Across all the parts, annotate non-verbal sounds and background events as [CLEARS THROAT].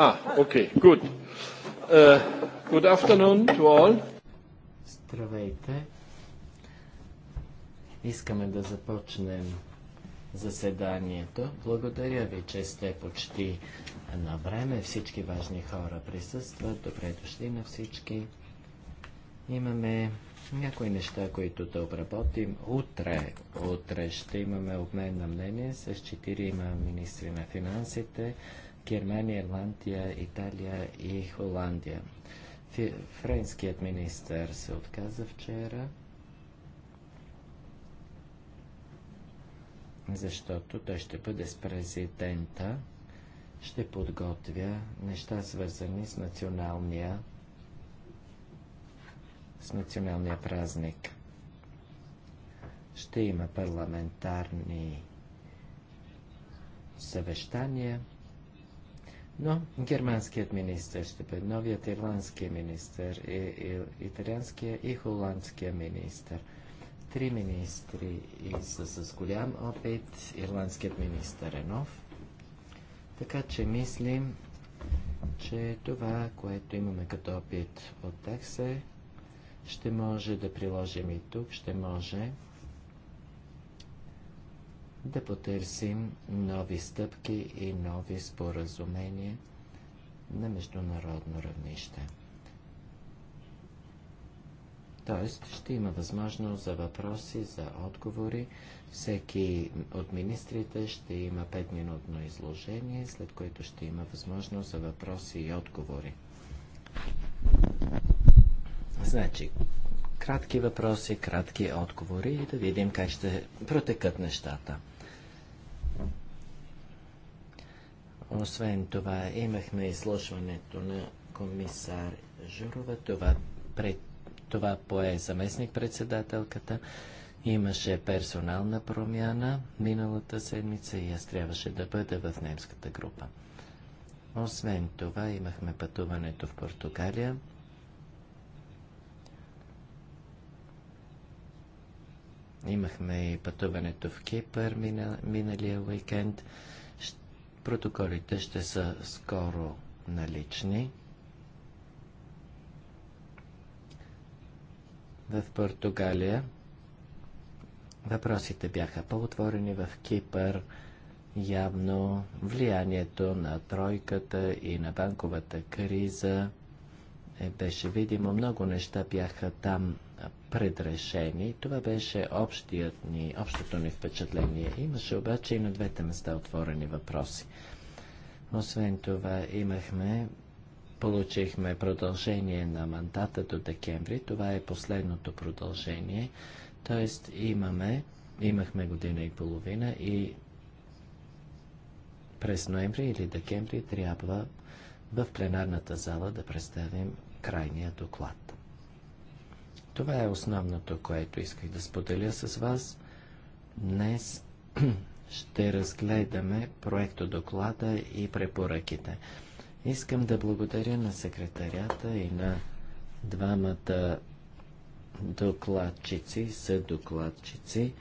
Ah, okay, good. Uh, good afternoon to all. Здравейте. Искаме да започнем заседанието. Благодаря ви, че сте почти на време. Всички важни хора присъстват. Добре дошли на всички. Имаме някои неща, които да обработим. Утре, утре ще имаме обмен на мнение с четирима министри на финансите. Германия, Ирландия, Италия и Холандия. Френският министър се отказа вчера, защото той ще бъде с президента, ще подготвя неща свързани с националния с националния празник. Ще има парламентарни съвещания. Но германският министр ще бъде новият ирландски министр, и, и, италианския и холандския министр. Три министри и с, с голям опит. Ирландският министр е нов. Така че мислим, че това, което имаме като опит от Тексе, ще може да приложим и тук, ще може да потърсим нови стъпки и нови споразумения на международно равнище. Тоест, ще има възможност за въпроси, за отговори. Всеки от министрите ще има 5-минутно изложение, след което ще има възможност за въпроси и отговори. Значи, кратки въпроси, кратки отговори и да видим как ще протекат нещата. Освен това, имахме изслушването на комисар Журова. Това, пред, това пое заместник-председателката. Имаше персонална промяна миналата седмица и аз трябваше да бъда в немската група. Освен това, имахме пътуването в Португалия. Имахме и пътуването в Кипър миналия уикенд. Протоколите ще са скоро налични. В Португалия въпросите бяха по-отворени в Кипър. Явно влиянието на тройката и на банковата криза е, беше видимо. Много неща бяха там предрешени. Това беше общият ни, общото ни впечатление. Имаше обаче и на двете места отворени въпроси. Освен това имахме, получихме продължение на мандата до декември. Това е последното продължение. Тоест имаме, имахме година и половина и през ноември или декември трябва в пленарната зала да представим крайния доклад. Това е основното, което исках да споделя с вас. Днес [CLEARS THROAT] ще разгледаме проекто доклада и препоръките. Искам да благодаря на секретарята и на двамата докладчици, са докладчици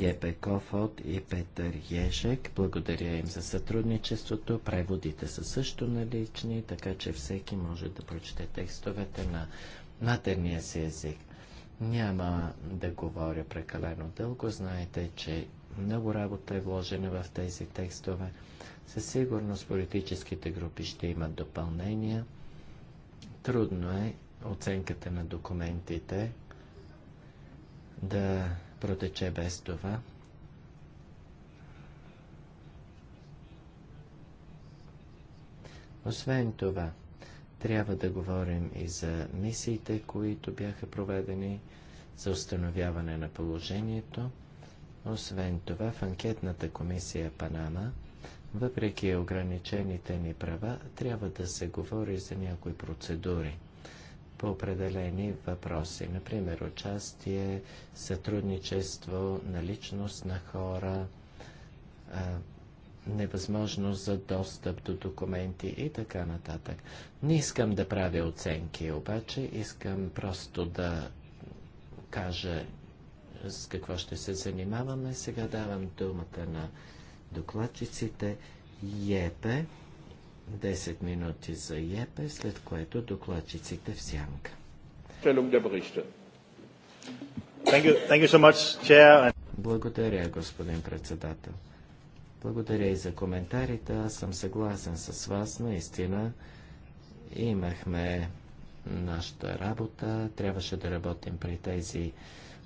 Епеков от и Петър Ежек. Благодаря им за сътрудничеството. Преводите са също налични, така че всеки може да прочете текстовете на матерния си език. Няма да говоря прекалено дълго. Знаете, че много работа е вложена в тези текстове. Със сигурност политическите групи ще имат допълнения. Трудно е оценката на документите да протече без това. Освен това, трябва да говорим и за мисиите, които бяха проведени за установяване на положението. Освен това, в анкетната комисия Панама, въпреки ограничените ни права, трябва да се говори за някои процедури по определени въпроси, например участие, сътрудничество, наличност на хора, невъзможност за достъп до документи и така нататък. Не искам да правя оценки, обаче искам просто да кажа с какво ще се занимаваме. Сега давам думата на докладчиците ЕПЕ. 10 минути за ЕПЕ, след което докладчиците в сянка. Благодаря, господин председател. Благодаря и за коментарите. Аз съм съгласен с вас. Наистина имахме нашата работа. Трябваше да работим при тези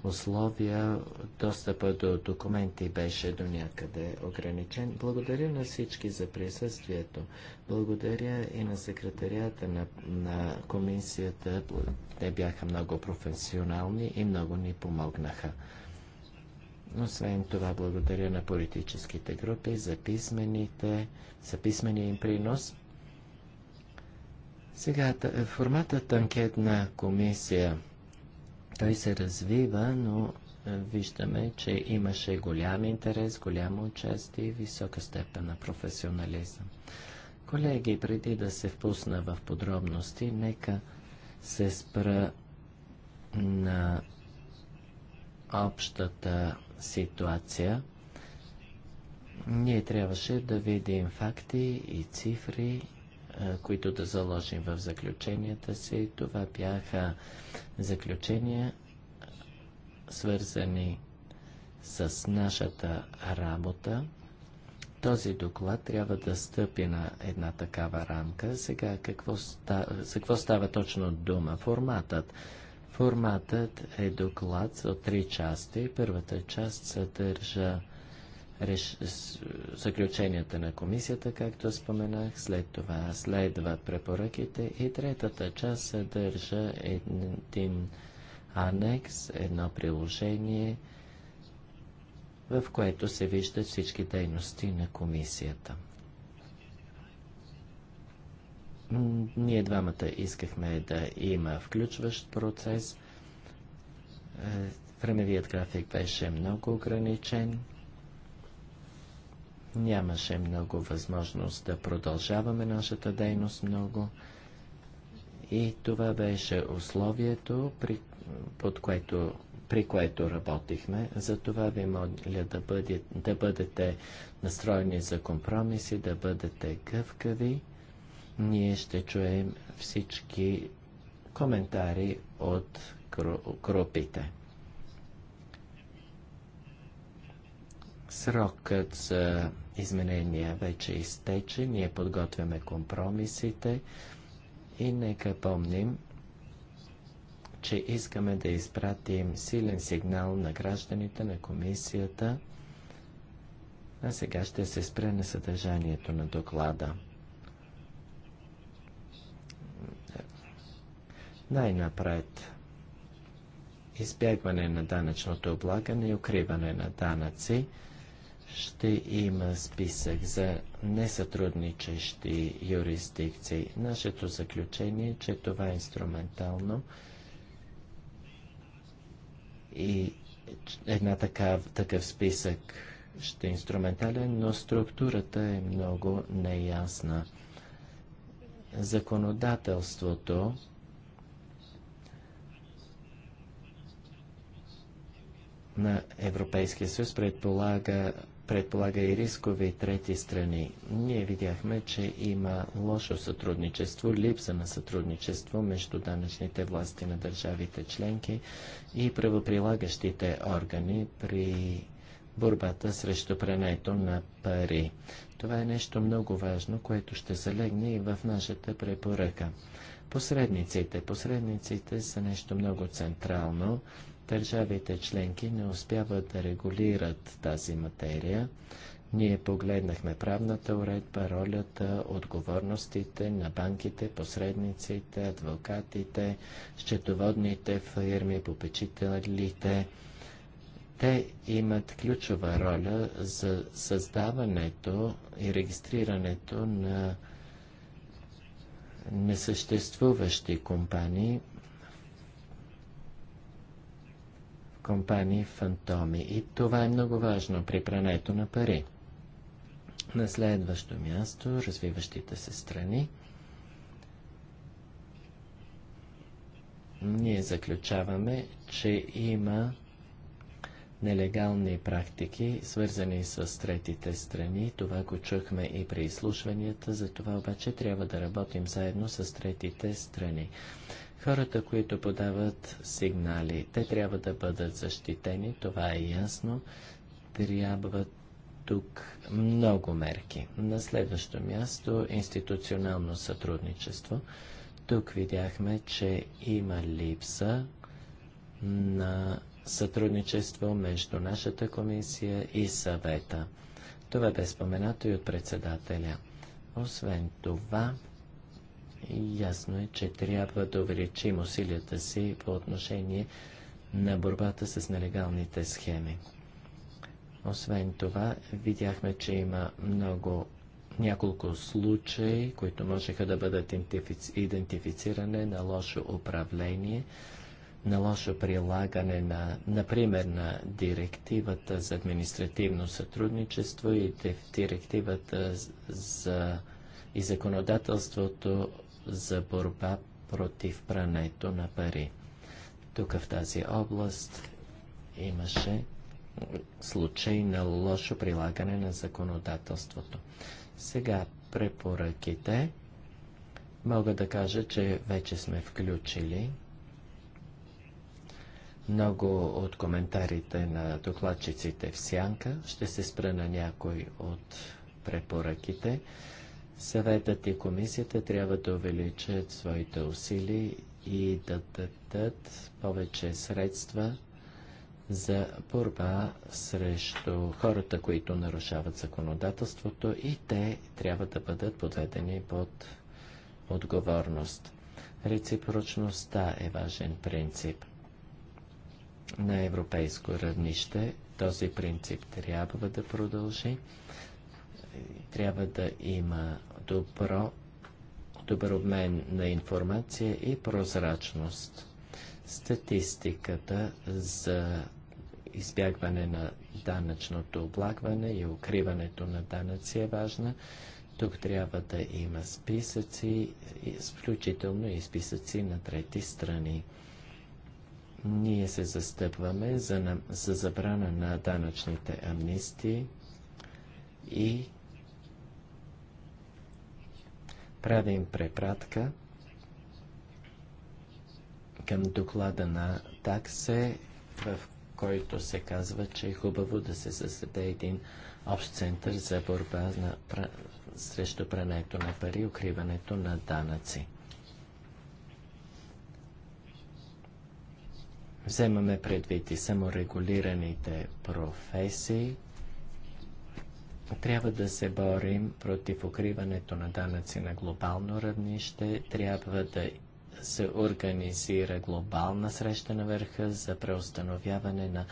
условия. Достъпа до документи беше до някъде ограничен. Благодаря на всички за присъствието. Благодаря и на секретарията на, на комисията. Те бяха много професионални и много ни помогнаха. Освен това, благодаря на политическите групи за, писмените, за писмения им принос. Сега, форматът анкетна комисия, той се развива, но е, виждаме, че имаше голям интерес, голямо участие и висока степен на професионализъм. Колеги, преди да се впусна в подробности, нека се спра на общата ситуация, ние трябваше да видим факти и цифри, които да заложим в заключенията си. Това бяха заключения, свързани с нашата работа. Този доклад трябва да стъпи на една такава рамка. Сега какво, ста... за какво става точно дума? Форматът. Форматът е доклад от три части. Първата част съдържа реш... заключенията на комисията, както споменах, след това следва препоръките и третата част съдържа един анекс, едно приложение, в което се виждат всички дейности на комисията. Ние двамата искахме да има включващ процес. Е, времевият график беше много ограничен. Нямаше много възможност да продължаваме нашата дейност много. И това беше условието, при, под което, при което работихме. Затова ви моля да, бъде, да бъдете настроени за компромиси, да бъдете гъвкави ние ще чуем всички коментари от групите. Срокът за изменения вече изтече, ние подготвяме компромисите и нека помним, че искаме да изпратим силен сигнал на гражданите, на комисията. А сега ще се спре на съдържанието на доклада. Най-напред избягване на данъчното облагане и укриване на данъци ще има списък за несътрудничещи юрисдикции. Нашето заключение е, че това е инструментално и една такав, такъв списък ще е инструментален, но структурата е много неясна. Законодателството на Европейския съюз предполага, предполага и рискови трети страни. Ние видяхме, че има лошо сътрудничество, липса на сътрудничество между данъчните власти на държавите членки и правоприлагащите органи при борбата срещу прането на пари. Това е нещо много важно, което ще залегне и в нашата препоръка. Посредниците. Посредниците са нещо много централно. Държавите членки не успяват да регулират тази материя. Ние погледнахме правната уредба, ролята, отговорностите на банките, посредниците, адвокатите, счетоводните фирми, попечителите. Те имат ключова роля за създаването и регистрирането на несъществуващи компании, компании фантоми. И това е много важно при прането на пари. На следващо място, развиващите се страни. Ние заключаваме, че има нелегални практики, свързани с третите страни. Това го чухме и при изслушванията, за това обаче трябва да работим заедно с третите страни. Хората, които подават сигнали, те трябва да бъдат защитени, това е ясно. Трябва тук много мерки. На следващо място институционално сътрудничество. Тук видяхме, че има липса на сътрудничество между нашата комисия и съвета. Това бе споменато и от председателя. Освен това, Ясно е, че трябва да увеличим усилията си по отношение на борбата с нелегалните схеми. Освен това, видяхме, че има много няколко случаи, които можеха да бъдат идентифициране на лошо управление, на лошо прилагане на, например, на директивата за административно сътрудничество и директивата за и законодателството за борба против прането на пари. Тук в тази област имаше случай на лошо прилагане на законодателството. Сега препоръките мога да кажа, че вече сме включили много от коментарите на докладчиците в сянка. Ще се спра на някой от препоръките. Съветът и комисията трябва да увеличат своите усилия и да дадат повече средства за борба срещу хората, които нарушават законодателството и те трябва да бъдат подведени под отговорност. Реципрочността е важен принцип. На европейско равнище този принцип трябва да продължи. Трябва да има добро, добър обмен на информация и прозрачност. Статистиката за избягване на данъчното облагване и укриването на данъци е важна. Тук трябва да има списъци, включително и списъци на трети страни. Ние се застъпваме за, за забрана на данъчните амнистии и правим препратка към доклада на таксе, в който се казва, че е хубаво да се създаде един общ център за борба на, срещу прането на пари и укриването на данъци. Вземаме предвид и саморегулираните професии – трябва да се борим против укриването на данъци на глобално равнище. Трябва да се организира глобална среща на върха за преустановяване на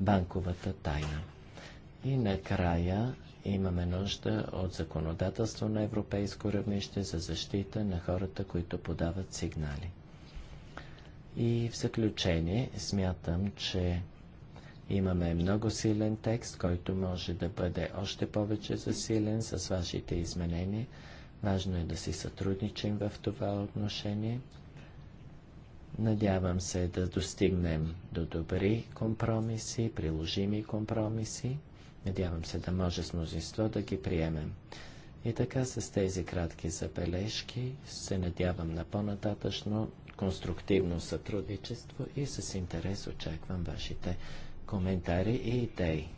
банковата тайна. И накрая имаме нужда от законодателство на европейско равнище за защита на хората, които подават сигнали. И в заключение смятам, че Имаме много силен текст, който може да бъде още повече засилен с вашите изменения. Важно е да си сътрудничим в това отношение. Надявам се да достигнем до добри компромиси, приложими компромиси. Надявам се да може с мнозинство да ги приемем. И така с тези кратки забележки се надявам на по-нататъчно конструктивно сътрудничество и с интерес очаквам вашите коментари и идеи.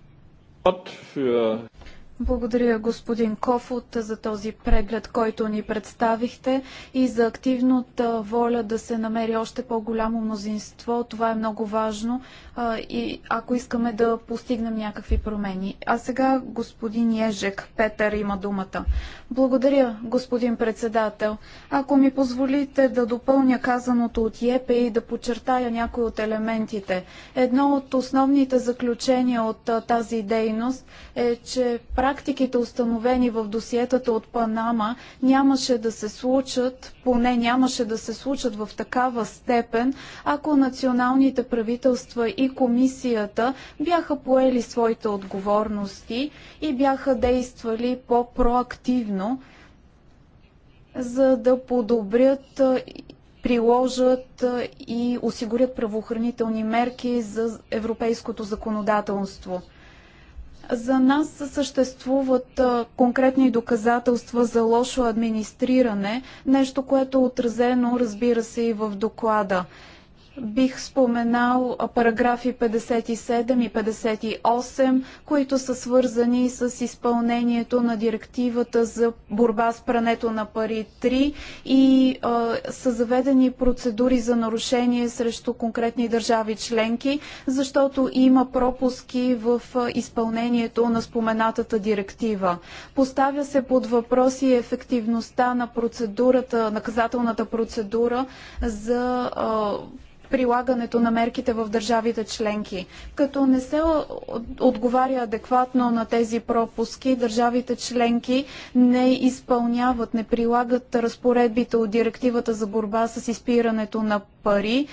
Благодаря господин Кофот за този преглед, който ни представихте и за активната воля да се намери още по-голямо мнозинство. Това е много важно а, и ако искаме да постигнем някакви промени. А сега господин Ежек Петър има думата. Благодаря господин председател. Ако ми позволите да допълня казаното от ЕПЕ и да подчертая някои от елементите. Едно от основните заключения от а, тази дейност е, че практиката практиките, установени в досиетата от Панама, нямаше да се случат, поне нямаше да се случат в такава степен, ако националните правителства и комисията бяха поели своите отговорности и бяха действали по-проактивно, за да подобрят приложат и осигурят правоохранителни мерки за европейското законодателство. За нас съществуват конкретни доказателства за лошо администриране, нещо, което е отразено, разбира се, и в доклада. Бих споменал параграфи 57 и 58, които са свързани с изпълнението на директивата за борба с прането на пари 3 и а, са заведени процедури за нарушение срещу конкретни държави членки, защото има пропуски в изпълнението на споменатата директива. Поставя се под въпрос и ефективността на процедурата, наказателната процедура за а, прилагането на мерките в държавите членки. Като не се отговаря адекватно на тези пропуски, държавите членки не изпълняват, не прилагат разпоредбите от директивата за борба с изпирането на пари,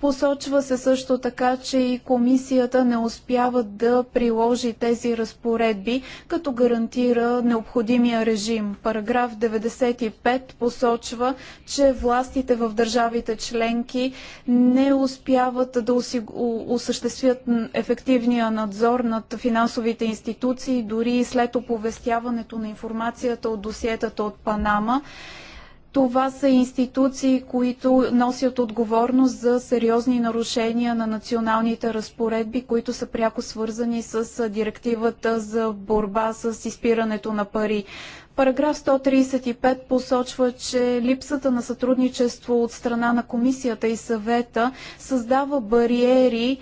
Посочва се също така, че и комисията не успява да приложи тези разпоредби, като гарантира необходимия режим. Параграф 95 посочва, че властите в държавите членки не успяват да осъществят ефективния надзор над финансовите институции, дори и след оповестяването на информацията от досиетата от Панама. Това са институции, които носят отговорност за сериозни нарушения на националните разпоредби, които са пряко свързани с директивата за борба с изпирането на пари. Параграф 135 посочва, че липсата на сътрудничество от страна на комисията и съвета създава бариери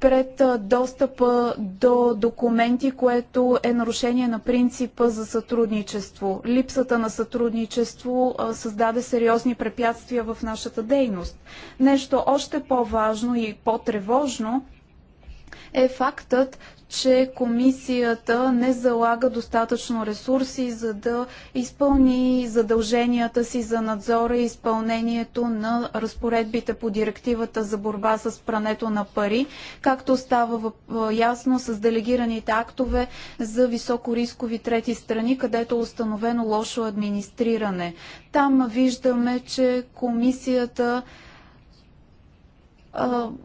пред достъпа до документи, което е нарушение на принципа за сътрудничество. Липсата на сътрудничество създаде сериозни препятствия в нашата дейност. Нещо още по-важно и по-тревожно е фактът, че комисията не залага достатъчно ресурси, за да изпълни задълженията си за надзора и изпълнението на разпоредбите по директивата за борба с прането на пари, както става ясно с делегираните актове за високорискови трети страни, където е установено лошо администриране. Там виждаме, че комисията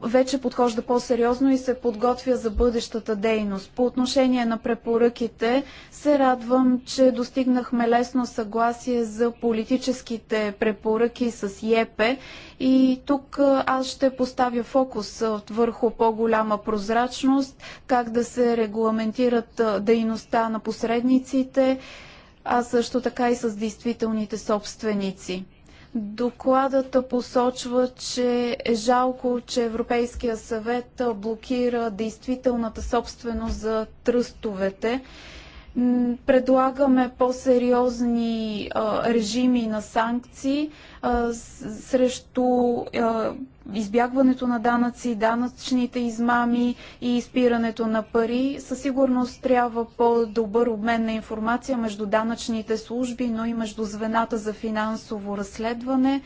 вече подхожда по-сериозно и се подготвя за бъдещата дейност. По отношение на препоръките се радвам, че достигнахме лесно съгласие за политическите препоръки с ЕПЕ и тук аз ще поставя фокус върху по-голяма прозрачност, как да се регламентират дейността на посредниците, а също така и с действителните собственици. Докладът посочва, че е жалко, че Европейския съвет блокира действителната собственост за тръстовете. Предлагаме по-сериозни режими на санкции срещу избягването на данъци, данъчните измами и изпирането на пари. Със сигурност трябва по-добър обмен на информация между данъчните служби, но и между звената за финансово разследване.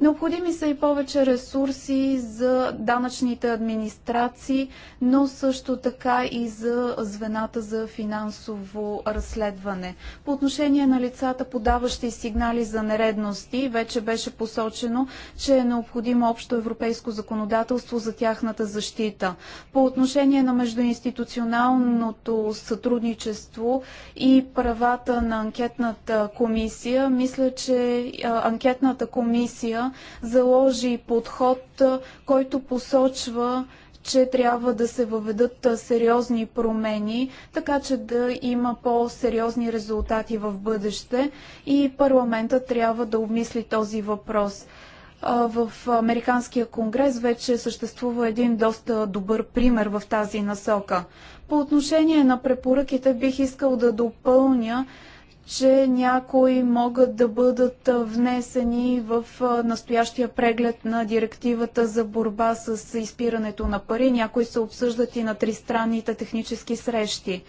Необходими са и повече ресурси за данъчните администрации, но също така и за звената за финансово разследване. По отношение на лицата, подаващи сигнали за нередности, вече беше посочено, че е необходимо общо европейско законодателство за тяхната защита. По отношение на междуинституционалното сътрудничество и правата на анкетната комисия, мисля, че анкетната комисия заложи подход, който посочва че трябва да се въведат сериозни промени, така че да има по-сериозни резултати в бъдеще и парламента трябва да обмисли този въпрос. В Американския конгрес вече съществува един доста добър пример в тази насока. По отношение на препоръките бих искал да допълня, че някои могат да бъдат внесени в настоящия преглед на директивата за борба с изпирането на пари. Някои се обсъждат и на тристранните технически срещи.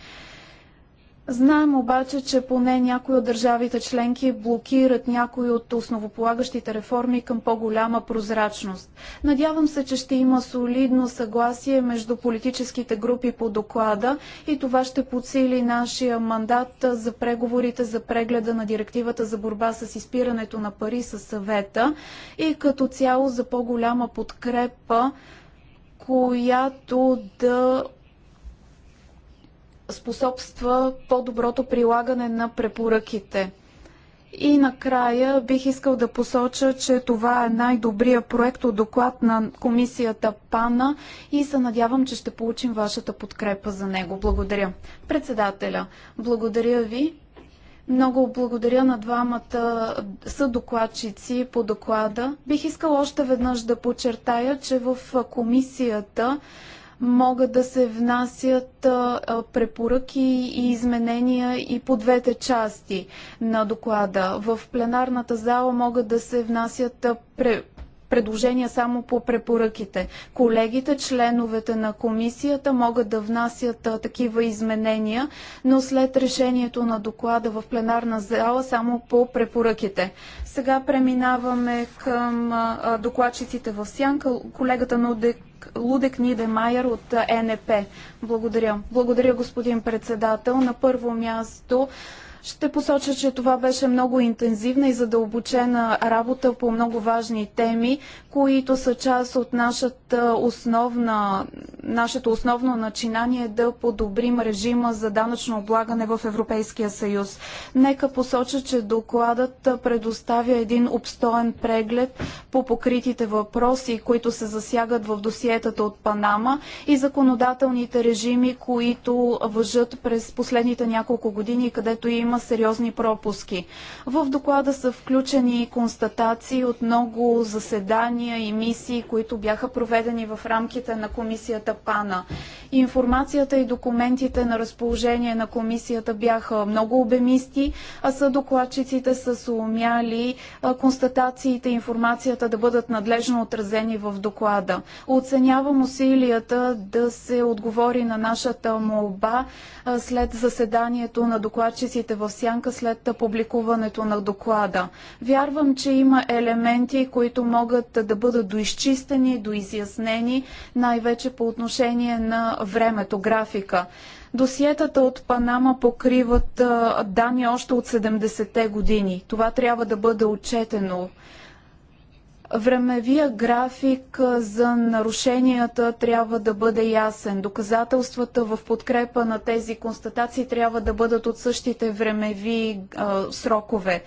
Знаем обаче, че поне някои от държавите членки блокират някои от основополагащите реформи към по-голяма прозрачност. Надявам се, че ще има солидно съгласие между политическите групи по доклада и това ще подсили нашия мандат за преговорите за прегледа на директивата за борба с изпирането на пари със съвета и като цяло за по-голяма подкрепа която да способства по-доброто прилагане на препоръките. И накрая бих искал да посоча, че това е най-добрия проект от доклад на комисията ПАНА и се надявам, че ще получим вашата подкрепа за него. Благодаря. Председателя, благодаря ви. Много благодаря на двамата съдокладчици по доклада. Бих искала още веднъж да подчертая, че в комисията могат да се внасят препоръки и изменения и по двете части на доклада. В пленарната зала могат да се внасят предложения само по препоръките. Колегите, членовете на комисията могат да внасят такива изменения, но след решението на доклада в пленарна зала само по препоръките. Сега преминаваме към докладчиците в сянка. Колегата на Лудек Нидемайер от НП. Благодаря. Благодаря, господин председател. На първо място ще посоча, че това беше много интензивна и задълбочена работа по много важни теми, които са част от нашата основна, нашето основно начинание да подобрим режима за данъчно облагане в Европейския съюз. Нека посоча, че докладът предоставя един обстоен преглед по покритите въпроси, които се засягат в досиетата от Панама и законодателните режими, които въжат през последните няколко години, където има има сериозни пропуски. В доклада са включени констатации от много заседания и мисии, които бяха проведени в рамките на комисията ПАНА. Информацията и документите на разположение на комисията бяха много обемисти, а са докладчиците са сумяли констатациите и информацията да бъдат надлежно отразени в доклада. Оценявам усилията да се отговори на нашата молба след заседанието на докладчиците в сянка след публикуването на доклада. Вярвам, че има елементи, които могат да бъдат доизчистени, доизяснени, най-вече по отношение на времето, графика. Досиетата от Панама покриват данни още от 70-те години. Това трябва да бъде отчетено. Времевия график за нарушенията трябва да бъде ясен. Доказателствата в подкрепа на тези констатации трябва да бъдат от същите времеви а, срокове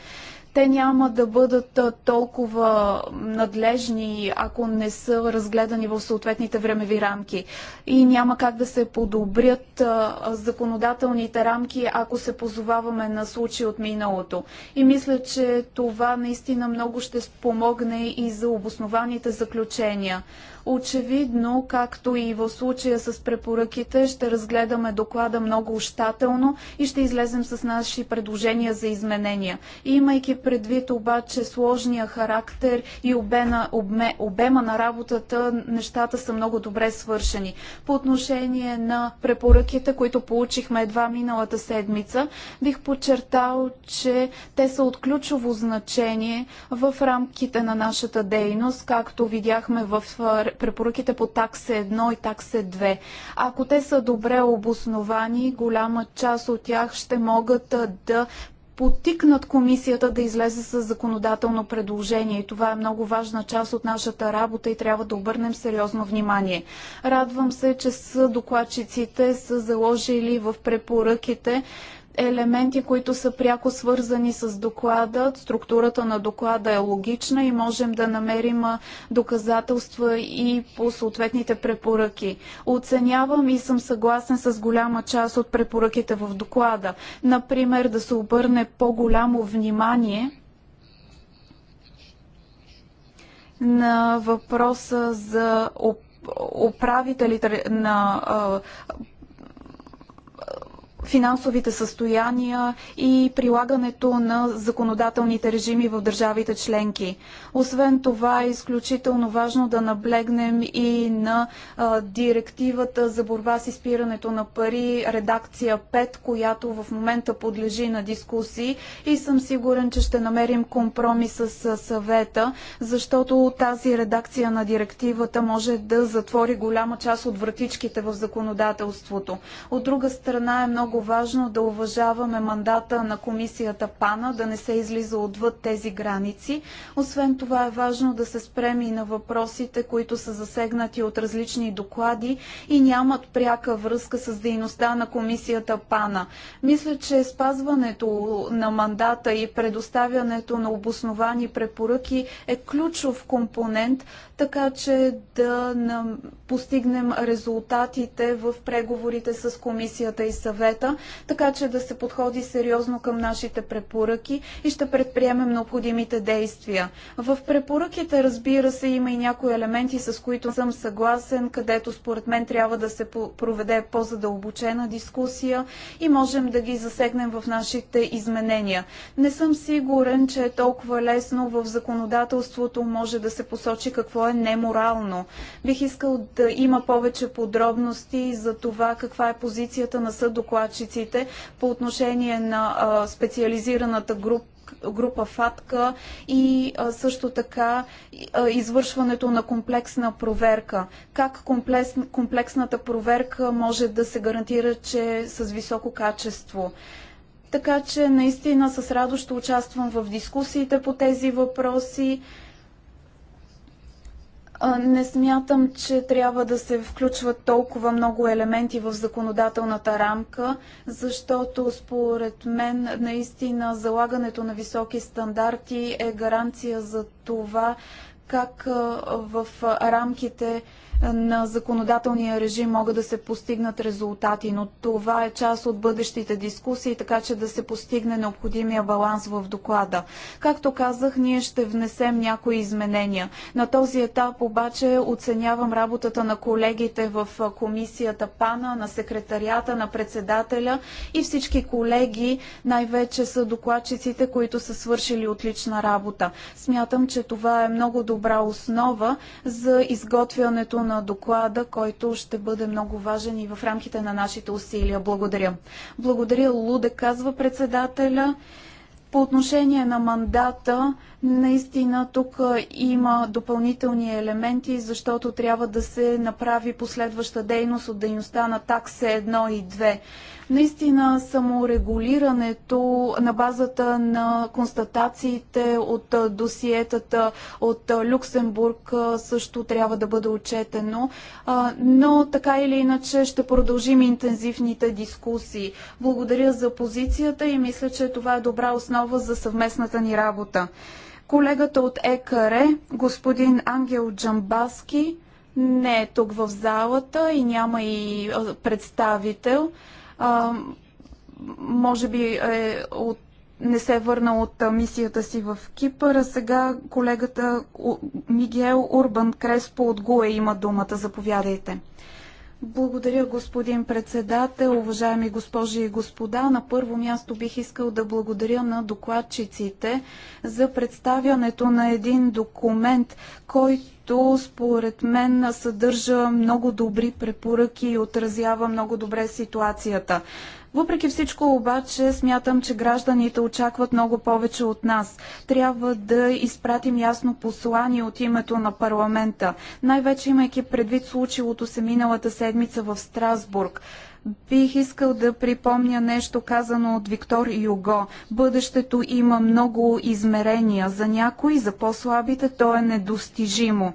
те няма да бъдат толкова надлежни, ако не са разгледани в съответните времеви рамки. И няма как да се подобрят законодателните рамки, ако се позоваваме на случаи от миналото. И мисля, че това наистина много ще спомогне и за обоснованите заключения. Очевидно, както и в случая с препоръките, ще разгледаме доклада много щателно и ще излезем с наши предложения за изменения. Имайки предвид обаче сложния характер и обема, обме, обема на работата, нещата са много добре свършени. По отношение на препоръките, които получихме едва миналата седмица, бих подчертал, че те са от ключово значение в рамките на нашата дейност, както видяхме в препоръките по такса 1 и такса 2. Ако те са добре обосновани, голяма част от тях ще могат да потикнат комисията да излезе с законодателно предложение. И това е много важна част от нашата работа и трябва да обърнем сериозно внимание. Радвам се, че с докладчиците са заложили в препоръките елементи, които са пряко свързани с доклада. Структурата на доклада е логична и можем да намерим доказателства и по съответните препоръки. Оценявам и съм съгласен с голяма част от препоръките в доклада. Например, да се обърне по-голямо внимание на въпроса за управителите на финансовите състояния и прилагането на законодателните режими в държавите членки. Освен това е изключително важно да наблегнем и на а, директивата за борба с изпирането на пари, редакция 5, която в момента подлежи на дискусии и съм сигурен, че ще намерим компромис с съвета, защото тази редакция на директивата може да затвори голяма част от вратичките в законодателството. От друга страна е много много важно да уважаваме мандата на комисията ПАНА, да не се излиза отвъд тези граници. Освен това е важно да се спрем и на въпросите, които са засегнати от различни доклади и нямат пряка връзка с дейността на комисията ПАНА. Мисля, че спазването на мандата и предоставянето на обосновани препоръки е ключов компонент, така че да постигнем резултатите в преговорите с комисията и съвета, така че да се подходи сериозно към нашите препоръки и ще предприемем необходимите действия. В препоръките, разбира се, има и някои елементи, с които съм съгласен, където според мен трябва да се проведе по-задълбочена дискусия и можем да ги засегнем в нашите изменения. Не съм сигурен, че е толкова лесно в законодателството може да се посочи какво е неморално. Бих искал да има повече подробности за това каква е позицията на съдокладчиците по отношение на а, специализираната група група ФАТКА и а, също така а, извършването на комплексна проверка. Как комплекс, комплексната проверка може да се гарантира, че е с високо качество? Така че наистина с радост ще участвам в дискусиите по тези въпроси. Не смятам, че трябва да се включват толкова много елементи в законодателната рамка, защото според мен наистина залагането на високи стандарти е гаранция за това как в рамките на законодателния режим могат да се постигнат резултати, но това е част от бъдещите дискусии, така че да се постигне необходимия баланс в доклада. Както казах, ние ще внесем някои изменения. На този етап обаче оценявам работата на колегите в комисията ПАНА, на секретарията, на председателя и всички колеги, най-вече са докладчиците, които са свършили отлична работа. Смятам, че това е много добра основа за изготвянето на на доклада, който ще бъде много важен и в рамките на нашите усилия. Благодаря. Благодаря, Луде, казва председателя. По отношение на мандата, Наистина тук има допълнителни елементи, защото трябва да се направи последваща дейност от дейността на такси 1 и 2. Наистина саморегулирането на базата на констатациите от досиетата от Люксембург също трябва да бъде отчетено. Но така или иначе ще продължим интензивните дискусии. Благодаря за позицията и мисля, че това е добра основа за съвместната ни работа. Колегата от ЕКР, господин Ангел Джамбаски, не е тук в залата и няма и представител. А, може би е от не се е върнал от мисията си в Кипър, а сега колегата Мигел Урбан Креспо от ГУЕ има думата. Заповядайте. Благодаря, господин председател, уважаеми госпожи и господа. На първо място бих искал да благодаря на докладчиците за представянето на един документ, който според мен съдържа много добри препоръки и отразява много добре ситуацията. Въпреки всичко обаче смятам, че гражданите очакват много повече от нас. Трябва да изпратим ясно послание от името на парламента, най-вече имайки предвид случилото се миналата седмица в Страсбург. Бих искал да припомня нещо казано от Виктор Юго. Бъдещето има много измерения. За някои, за по-слабите, то е недостижимо.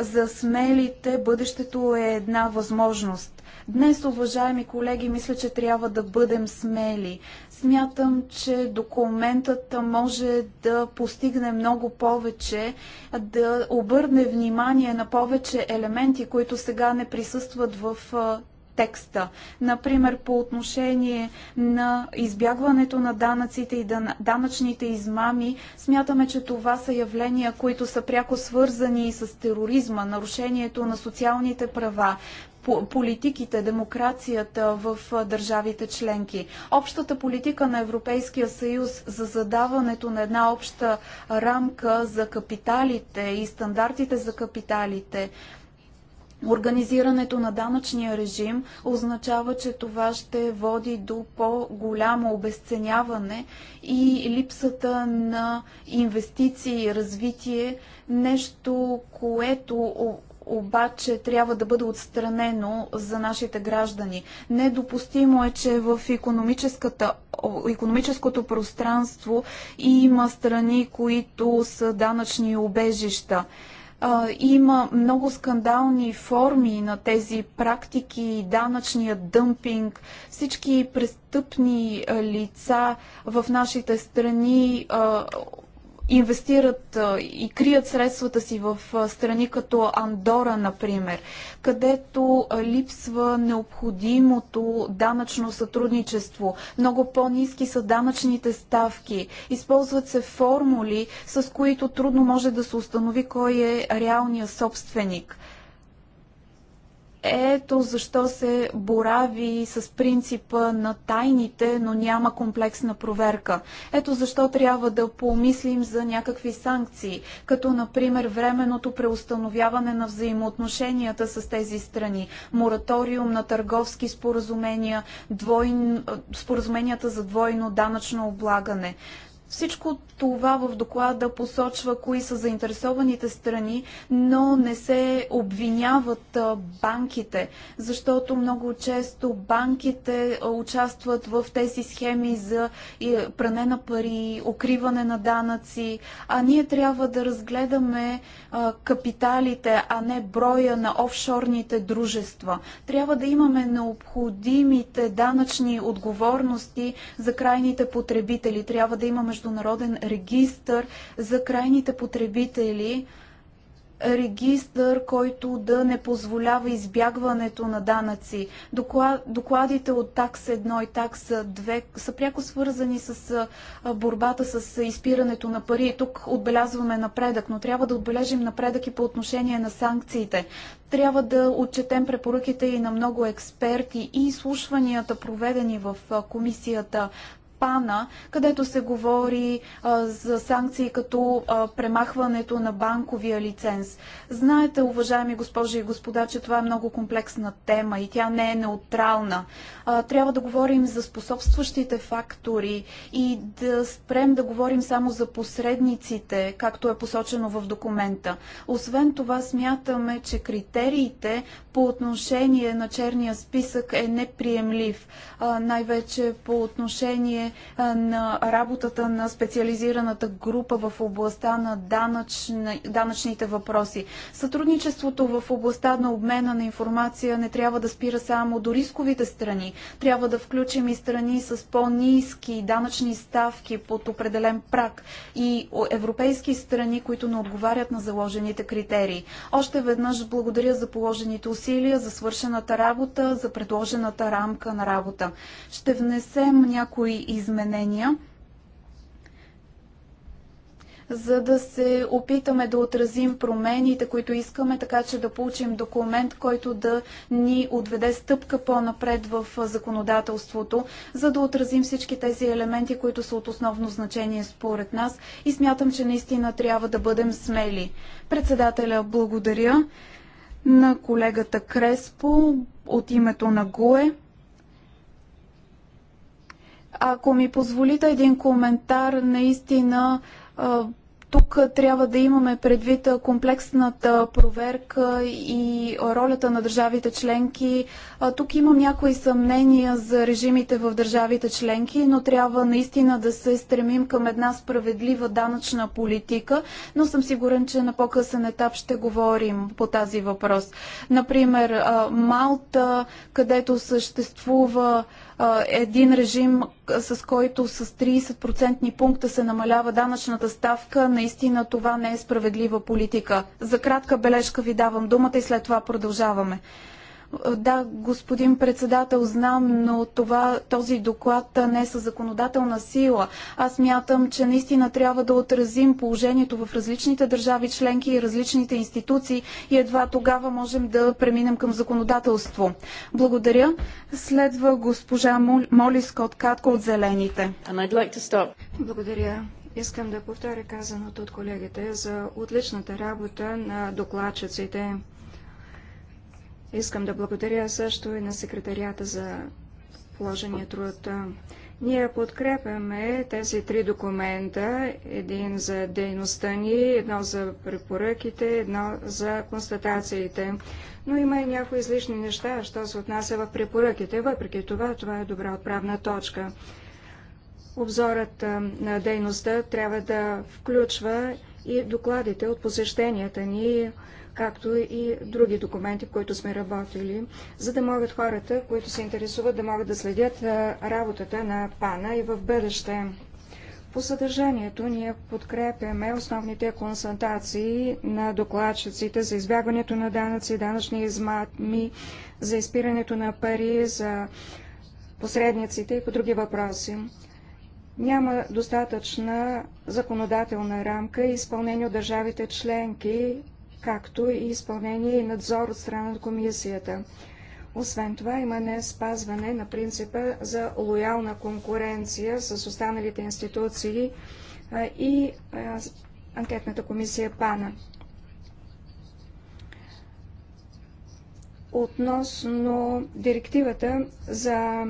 За смелите бъдещето е една възможност. Днес, уважаеми колеги, мисля, че трябва да бъдем смели. Смятам, че документът може да постигне много повече, да обърне внимание на повече елементи, които сега не присъстват в текста. Например, по отношение на избягването на данъците и данъчните измами, смятаме, че това са явления, които са пряко свързани и с тероризма, нарушението на социалните права политиките, демокрацията в държавите членки. Общата политика на Европейския съюз за задаването на една обща рамка за капиталите и стандартите за капиталите, Организирането на данъчния режим означава, че това ще води до по-голямо обесценяване и липсата на инвестиции и развитие, нещо, което обаче трябва да бъде отстранено за нашите граждани. Недопустимо е, че в економическото пространство има страни, които са данъчни обежища има много скандални форми на тези практики, данъчния дъмпинг, всички престъпни лица в нашите страни инвестират и крият средствата си в страни като Андора, например, където липсва необходимото данъчно сътрудничество. Много по-низки са данъчните ставки. Използват се формули, с които трудно може да се установи кой е реалният собственик. Ето защо се борави с принципа на тайните, но няма комплексна проверка. Ето защо трябва да помислим за някакви санкции, като например временното преустановяване на взаимоотношенията с тези страни, мораториум на търговски споразумения, двойн... споразуменията за двойно данъчно облагане. Всичко това в доклада посочва кои са заинтересованите страни, но не се обвиняват банките, защото много често банките участват в тези схеми за пране на пари, укриване на данъци, а ние трябва да разгледаме капиталите, а не броя на офшорните дружества. Трябва да имаме необходимите данъчни отговорности за крайните потребители. Трябва да имаме международен регистр за крайните потребители, регистър, който да не позволява избягването на данъци. Докладите от такс 1 и такс 2 са пряко свързани с борбата с изпирането на пари. Тук отбелязваме напредък, но трябва да отбележим напредък и по отношение на санкциите. Трябва да отчетем препоръките и на много експерти и изслушванията, проведени в комисията Пана, където се говори а, за санкции като а, премахването на банковия лиценз. Знаете, уважаеми госпожи и господа, че това е много комплексна тема и тя не е неутрална. А, трябва да говорим за способстващите фактори и да спрем да говорим само за посредниците, както е посочено в документа. Освен това, смятаме, че критериите по отношение на черния списък е неприемлив, най-вече по отношение на работата на специализираната група в областта на данъчни, данъчните въпроси. Сътрудничеството в областта на обмена на информация не трябва да спира само до рисковите страни. Трябва да включим и страни с по-низки данъчни ставки под определен прак и европейски страни, които не отговарят на заложените критерии. Още веднъж благодаря за положените усилия, за свършената работа, за предложената рамка на работа. Ще внесем някои изменения, за да се опитаме да отразим промените, които искаме, така че да получим документ, който да ни отведе стъпка по-напред в законодателството, за да отразим всички тези елементи, които са от основно значение според нас и смятам, че наистина трябва да бъдем смели. Председателя, благодаря на колегата Креспо от името на ГУЕ. Ако ми позволите един коментар, наистина тук трябва да имаме предвид комплексната проверка и ролята на държавите членки. Тук имам някои съмнения за режимите в държавите членки, но трябва наистина да се стремим към една справедлива данъчна политика, но съм сигурен, че на по-късен етап ще говорим по тази въпрос. Например, Малта, където съществува един режим, с който с 30% пункта се намалява данъчната ставка, наистина това не е справедлива политика. За кратка бележка ви давам думата и след това продължаваме. Да, господин председател, знам, но това, този доклад не е със законодателна сила. Аз мятам, че наистина трябва да отразим положението в различните държави членки и различните институции и едва тогава можем да преминем към законодателство. Благодаря. Следва госпожа Моли Скот Катко от Зелените. Like Благодаря. Искам да повторя казаното от колегите за отличната работа на докладчиците. Искам да благодаря също и на секретарията за положения труд. Ние подкрепяме тези три документа. Един за дейността ни, едно за препоръките, едно за констатациите. Но има и някои излишни неща, що се отнася в препоръките. Въпреки това, това е добра отправна точка. Обзорът на дейността трябва да включва и докладите от посещенията ни както и други документи, които сме работили, за да могат хората, които се интересуват, да могат да следят работата на ПАНА и в бъдеще. По съдържанието ние подкрепяме основните консултации на докладчиците за избягването на данъци данъчни измами, за изпирането на пари, за посредниците и по други въпроси. Няма достатъчна законодателна рамка и изпълнение от държавите членки както и изпълнение и надзор от страна на комисията. Освен това има не спазване на принципа за лоялна конкуренция с останалите институции и анкетната комисия ПАНА. Относно директивата за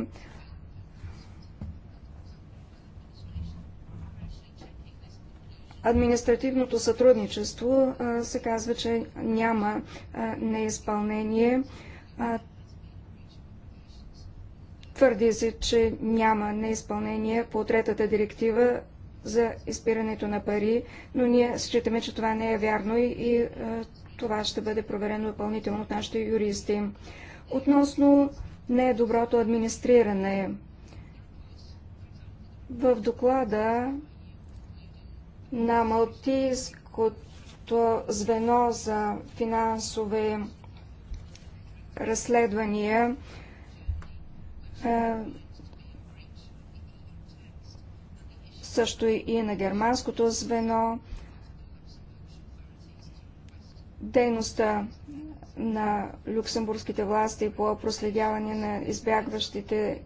административното сътрудничество се казва, че няма неизпълнение. Твърди се, че няма неизпълнение по третата директива за изпирането на пари, но ние считаме, че това не е вярно и, това ще бъде проверено допълнително от нашите юристи. Относно не доброто администриране, в доклада на Малтийското звено за финансови разследвания е, също и на германското звено. Дейността на люксембургските власти по проследяване на избягващите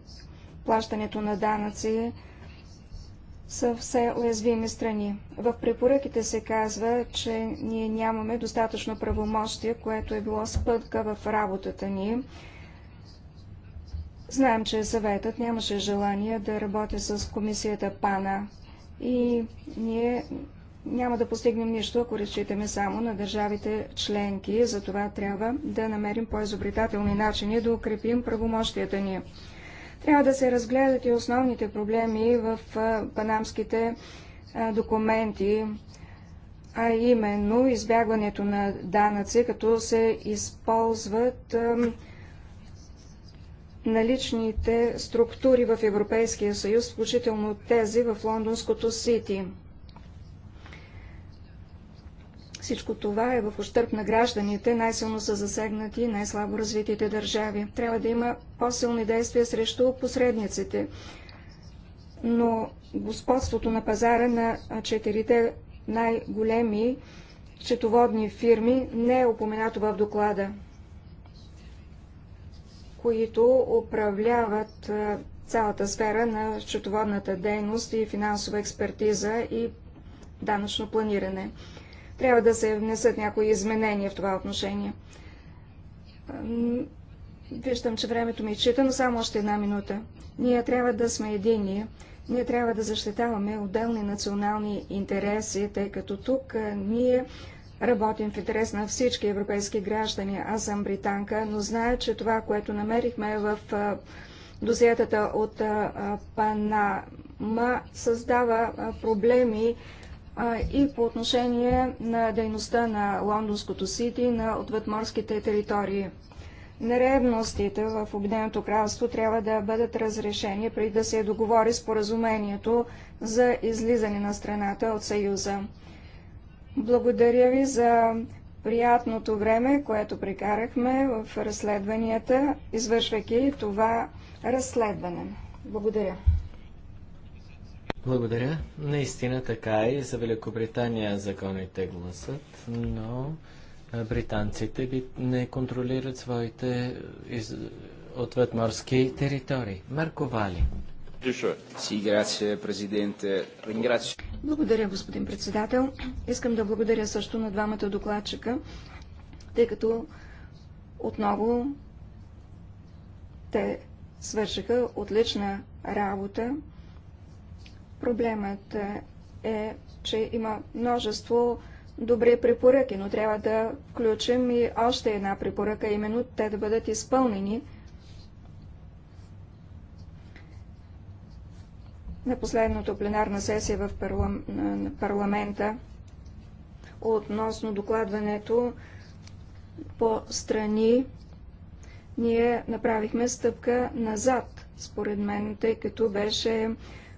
плащането на данъци са все уязвими страни. В препоръките се казва, че ние нямаме достатъчно правомощие, което е било спътка в работата ни. Знаем, че съветът нямаше желание да работи с комисията ПАНА и ние няма да постигнем нищо, ако разчитаме само на държавите членки. Затова трябва да намерим по-изобретателни начини да укрепим правомощията ни. Трябва да се разгледат и основните проблеми в панамските документи, а именно избягването на данъци, като се използват наличните структури в Европейския съюз, включително тези в Лондонското Сити. Всичко това е в ущърп на гражданите, най-силно са засегнати най-слабо развитите държави. Трябва да има по-силни действия срещу посредниците. Но господството на пазара на четирите най-големи четоводни фирми не е упоменато в доклада, които управляват цялата сфера на счетоводната дейност и финансова експертиза и данъчно планиране. Трябва да се внесат някои изменения в това отношение. Виждам, че времето ми чита, но само още една минута. Ние трябва да сме едини. Ние трябва да защитаваме отделни национални интереси, тъй като тук ние работим в интерес на всички европейски граждани. Аз съм британка, но зная, че това, което намерихме в досиетата от Панама, създава проблеми и по отношение на дейността на Лондонското Сити на отвъдморските територии. Неревностите в Обединеното кралство трябва да бъдат разрешени преди да се договори споразумението за излизане на страната от Съюза. Благодаря ви за приятното време, което прекарахме в разследванията, извършвайки това разследване. Благодаря. Благодаря. Наистина така е. За Великобритания законите гласат, но британците би не контролират своите е, из... отвъдморски територии. Марко Вали. Благодаря, господин председател. Искам да благодаря също на двамата докладчика, тъй като отново те свършиха отлична работа Проблемът е, че има множество добри препоръки, но трябва да включим и още една препоръка, именно те да бъдат изпълнени. На последното пленарна сесия в парламента относно докладването по страни, ние направихме стъпка назад, според мен, тъй като беше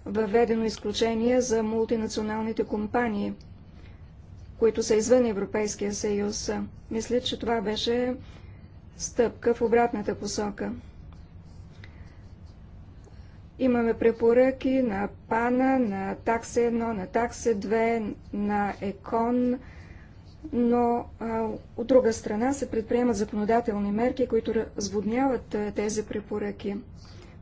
въведено изключение за мултинационалните компании, които са извън Европейския съюз. Мисля, че това беше стъпка в обратната посока. Имаме препоръки на ПАНА, на такса 1, на такса 2, на ЕКОН, но а, от друга страна се предприемат законодателни мерки, които разводняват а, тези препоръки.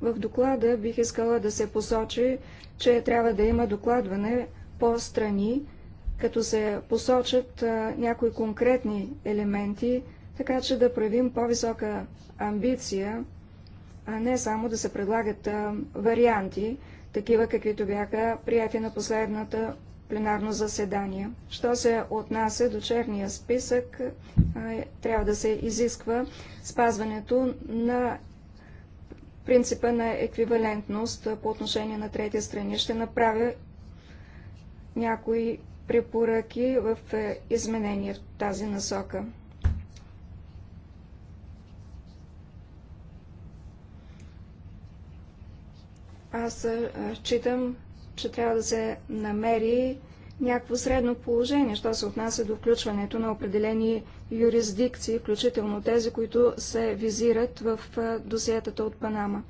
В доклада бих искала да се посочи, че трябва да има докладване по страни, като се посочат някои конкретни елементи, така че да правим по-висока амбиция, а не само да се предлагат варианти, такива каквито бяха прияти на последната пленарно заседание. Що се отнася до черния списък, е, трябва да се изисква спазването на принципа на еквивалентност по отношение на трети страни. Ще направя някои препоръки в е, изменение в тази насока. Аз е, считам, че трябва да се намери някакво средно положение, що се отнася до включването на определени юрисдикции, включително тези, които се визират в досиетата от Панама.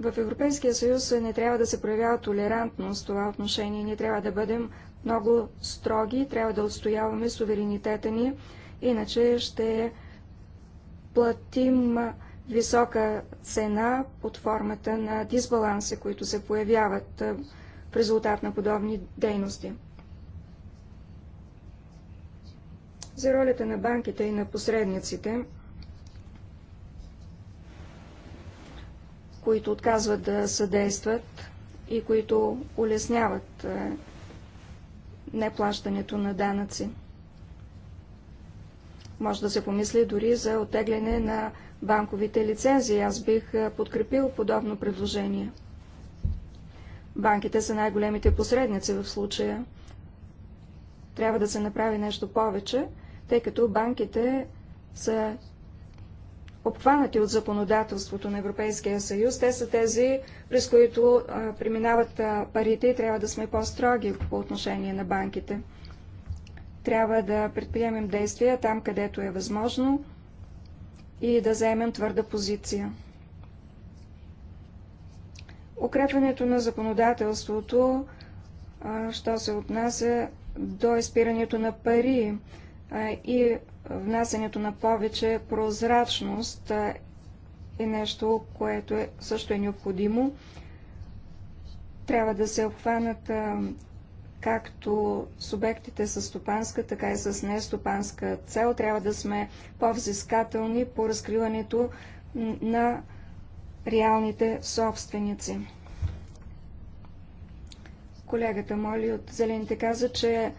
В Европейския съюз не трябва да се проявява толерантност в това отношение. Ние трябва да бъдем много строги, трябва да отстояваме суверенитета ни, иначе ще платим висока цена под формата на дисбаланси, които се появяват в резултат на подобни дейности. за ролята на банките и на посредниците, които отказват да съдействат и които улесняват е, неплащането на данъци. Може да се помисли дори за отегляне на банковите лицензии. Аз бих е, подкрепил подобно предложение. Банките са най-големите посредници в случая. Трябва да се направи нещо повече, тъй като банките са обхванати от законодателството на Европейския съюз. Те са тези, през които а, преминават а, парите и трябва да сме по-строги по отношение на банките. Трябва да предприемем действия там, където е възможно и да заемем твърда позиция. Укрепването на законодателството, а, що се отнася до изпирането на пари, и внасянето на повече прозрачност е нещо, което е, също е необходимо. Трябва да се обхванат както субектите с стопанска, така и с нестопанска цел. Трябва да сме по-взискателни по разкриването на реалните собственици. Колегата Моли от Зелените каза, че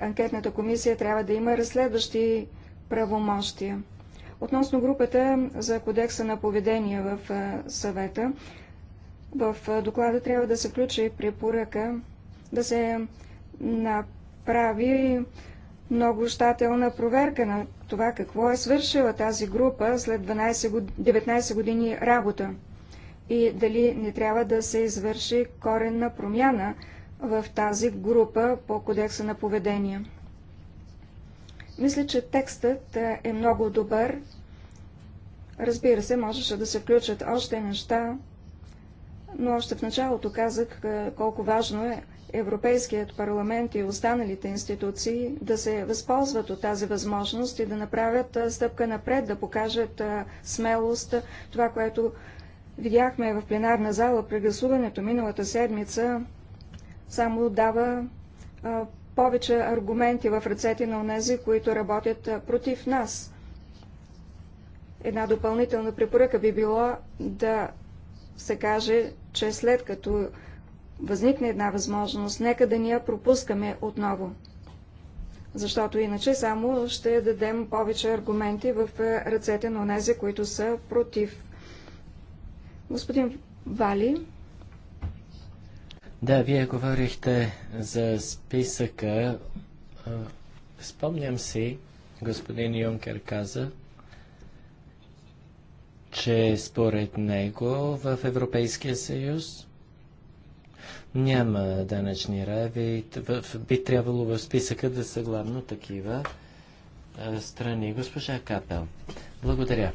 анкетната комисия трябва да има разследващи правомощия. Относно групата за кодекса на поведение в съвета, в доклада трябва да се включи препоръка да се направи много щателна проверка на това какво е свършила тази група след 12 19 години работа и дали не трябва да се извърши коренна промяна в тази група по кодекса на поведение. Мисля, че текстът е, е много добър. Разбира се, можеше да се включат още неща, но още в началото казах е, колко важно е Европейският парламент и останалите институции да се възползват от тази възможност и да направят е, стъпка напред, да покажат смелост. Това, което видяхме в пленарна зала при гласуването миналата седмица, само дава а, повече аргументи в ръцете на онези, които работят а, против нас. Една допълнителна препоръка би било да се каже, че след като възникне една възможност, нека да ни я пропускаме отново. Защото иначе само ще дадем повече аргументи в ръцете на онези, които са против. Господин Вали, да, вие говорихте за списъка. Спомням си, господин Юнкер каза, че според него в Европейския съюз няма данъчни рави. Би трябвало в списъка да са главно такива страни. Госпожа Капел, благодаря.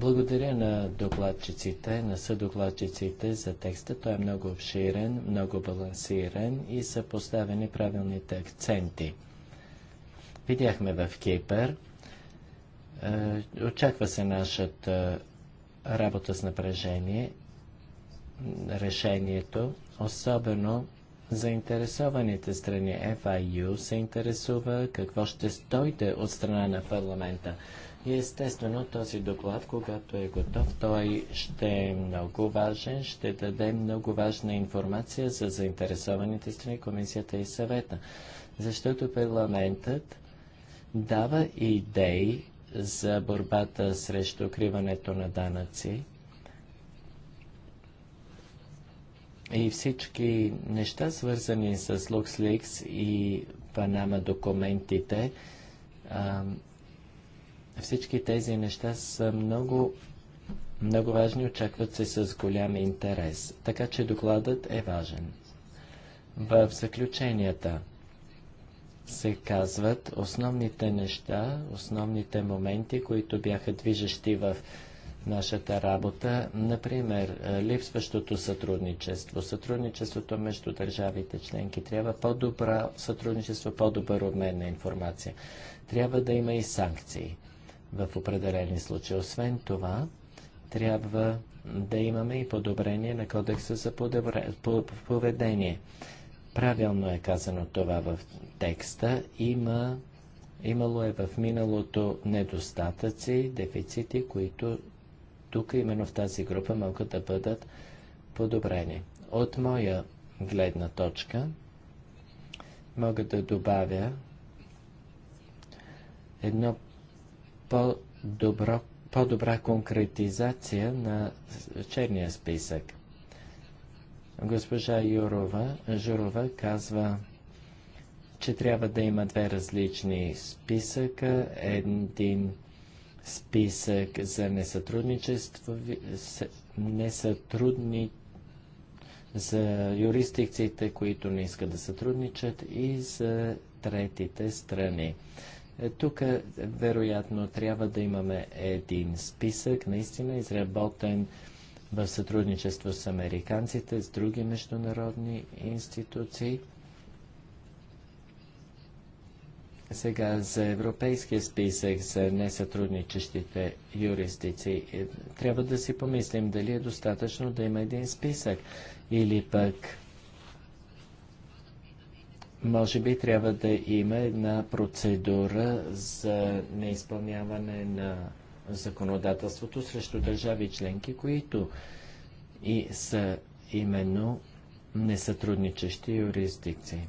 Благодаря на докладчиците, на съдокладчиците за текста. Той е много обширен, много балансиран и са поставени правилните акценти. Видяхме в Кипър. Е, очаква се нашата е, работа с напрежение, решението, особено заинтересованите страни FIU се интересува какво ще стойте от страна на парламента. И естествено този доклад, когато е готов, той ще е много важен, ще даде много важна информация за заинтересованите страни, комисията и съвета. Защото парламентът дава идеи за борбата срещу укриването на данъци, и всички неща, свързани с LuxLeaks и Панама документите, всички тези неща са много, много важни, очакват се с голям интерес. Така че докладът е важен. В заключенията се казват основните неща, основните моменти, които бяха движещи в нашата работа, например, е, липсващото сътрудничество, сътрудничеството между държавите членки. Трябва по-добро сътрудничество, по-добър обмен на информация. Трябва да има и санкции в определени случаи. Освен това, трябва да имаме и подобрение на кодекса за подобре... поведение. Правилно е казано това в текста. Има, имало е в миналото недостатъци, дефицити, които тук именно в тази група могат да бъдат подобрени. От моя гледна точка мога да добавя едно по-добро, по-добра конкретизация на черния списък. Госпожа Юрова, Журова казва, че трябва да има две различни списъка. Един списък за несътрудничество, несътрудни, за юрисдикциите, които не искат да сътрудничат и за третите страни. Е, тук е, вероятно трябва да имаме един списък, наистина изработен в сътрудничество с американците, с други международни институции. Сега за европейския списък за несътрудничещите юрисдикции е, трябва да си помислим дали е достатъчно да има един списък или пък може би трябва да има една процедура за неизпълняване на законодателството срещу държави членки, които и са именно несътрудничещи юрисдикции.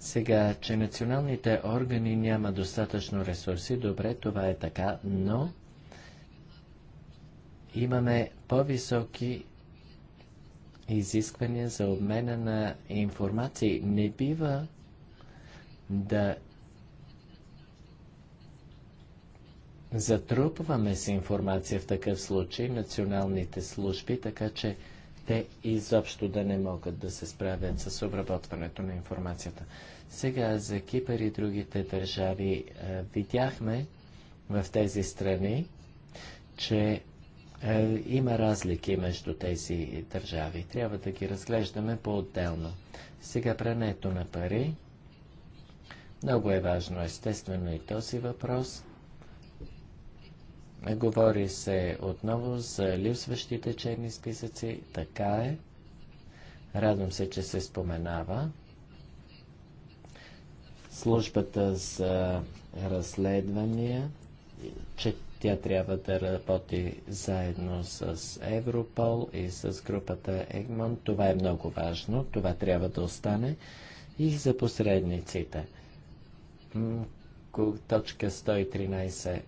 Сега, че националните органи няма достатъчно ресурси, добре, това е така, но имаме по-високи изисквания за обмена на информации. Не бива да затрупваме с информация в такъв случай националните служби, така че те изобщо да не могат да се справят с обработването на информацията. Сега за Кипър и другите държави видяхме в тези страни, че е, има разлики между тези държави. Трябва да ги разглеждаме по-отделно. Сега прането на пари. Много е важно, естествено, и този въпрос. Говори се отново за липсващите черни списъци. Така е. Радвам се, че се споменава. Службата за разследвания, че тя трябва да работи заедно с Европол и с групата Егмон. Това е много важно. Това трябва да остане и за посредниците. Точка 113.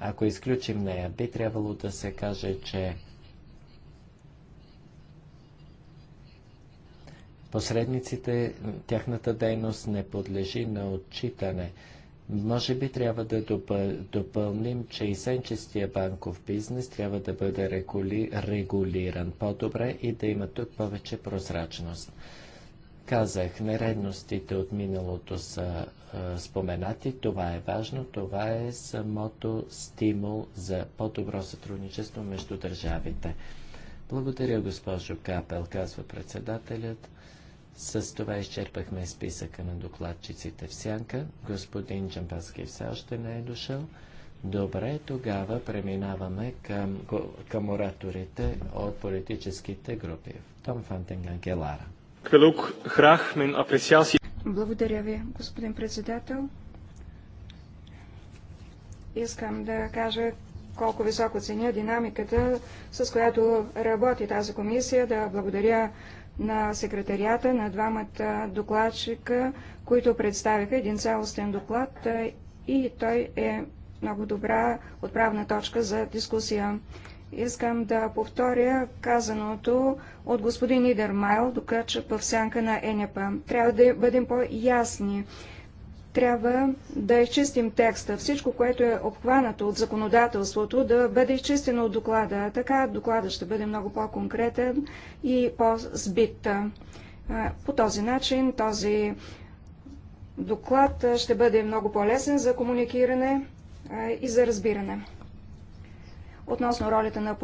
Ако изключим нея, би трябвало да се каже, че посредниците, тяхната дейност не подлежи на отчитане. Може би трябва да допълним, че и сенчестия банков бизнес трябва да бъде регули... регулиран по-добре и да има тук повече прозрачност. Казах, нередностите от миналото са е, споменати, това е важно, това е самото стимул за по-добро сътрудничество между държавите. Благодаря, госпожо Капел, казва председателят. С това изчерпахме списъка на докладчиците в сянка. Господин Джампаски все още не е дошъл. Добре, тогава преминаваме към, към ораторите от политическите групи. Том Фантенган Ангелара. Благодаря ви, господин председател. Искам да кажа колко високо ценя динамиката, с която работи тази комисия, да благодаря на секретарията на двамата докладчика, които представиха един цялостен доклад и той е много добра отправна точка за дискусия. Искам да повторя казаното от господин Идермайл, докача в сянка на ЕНЕПА. Трябва да бъдем по-ясни трябва да изчистим текста. Всичко, което е обхванато от законодателството, да бъде изчистено от доклада. Така докладът ще бъде много по-конкретен и по-сбит. По този начин този доклад ще бъде много по-лесен за комуникиране и за разбиране относно ролята на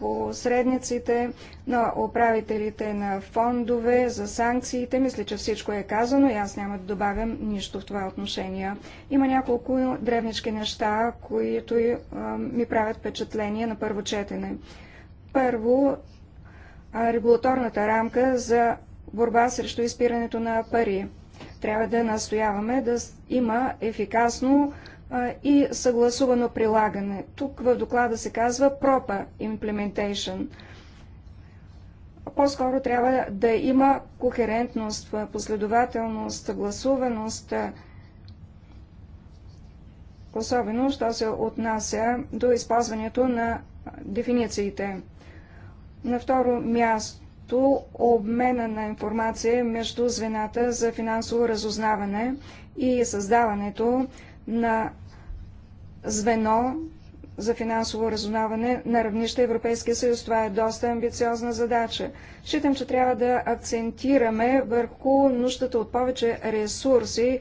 посредниците, на управителите на фондове, за санкциите. Мисля, че всичко е казано и аз няма да добавям нищо в това отношение. Има няколко древнички неща, които ми правят впечатление на първо четене. Първо, регулаторната рамка за борба срещу изпирането на пари. Трябва да настояваме да има ефикасно и съгласувано прилагане. Тук в доклада се казва proper implementation. По-скоро трябва да има кохерентност, последователност, съгласуваност, особено, що се отнася до използването на дефинициите. На второ място обмена на информация между звената за финансово разузнаване и създаването на звено за финансово разузнаване на равнище Европейския съюз. Това е доста амбициозна задача. Считам, че трябва да акцентираме върху нуждата от повече ресурси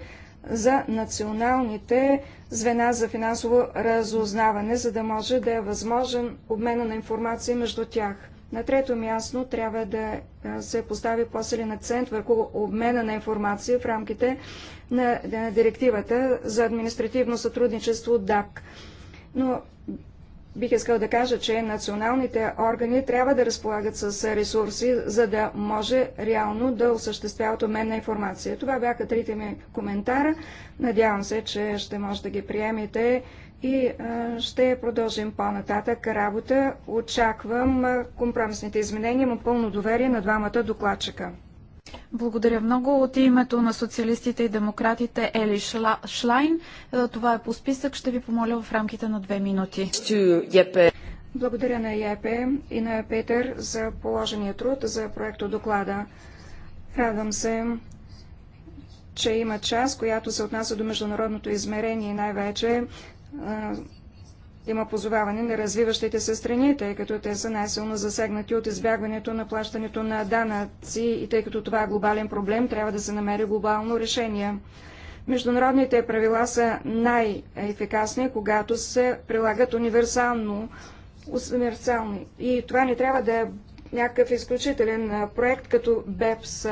за националните звена за финансово разузнаване, за да може да е възможен обмена на информация между тях. На трето място трябва да се постави по-силен акцент върху обмена на информация в рамките на, директивата за административно сътрудничество ДАК. Но бих искал да кажа, че националните органи трябва да разполагат с ресурси, за да може реално да осъществяват обмен на информация. Това бяха трите ми коментара. Надявам се, че ще може да ги приемете и ще продължим по-нататък работа. Очаквам компромисните изменения. Му пълно доверие на двамата докладчика. Благодаря много. От името на социалистите и демократите Ели Шла... Шлайн. Е, това е по списък. Ще ви помоля в рамките на две минути. Благодаря на ЕП и на Петър за положения труд за проекто доклада. Радвам се, че има част, която се отнася до международното измерение и най-вече е, има позоваване на развиващите се страни, тъй като те са най-силно засегнати от избягването на плащането на данъци и тъй като това е глобален проблем, трябва да се намери глобално решение. Международните правила са най-ефикасни, когато се прилагат универсално, универсални. И това не трябва да е някакъв изключителен проект като БЕПС.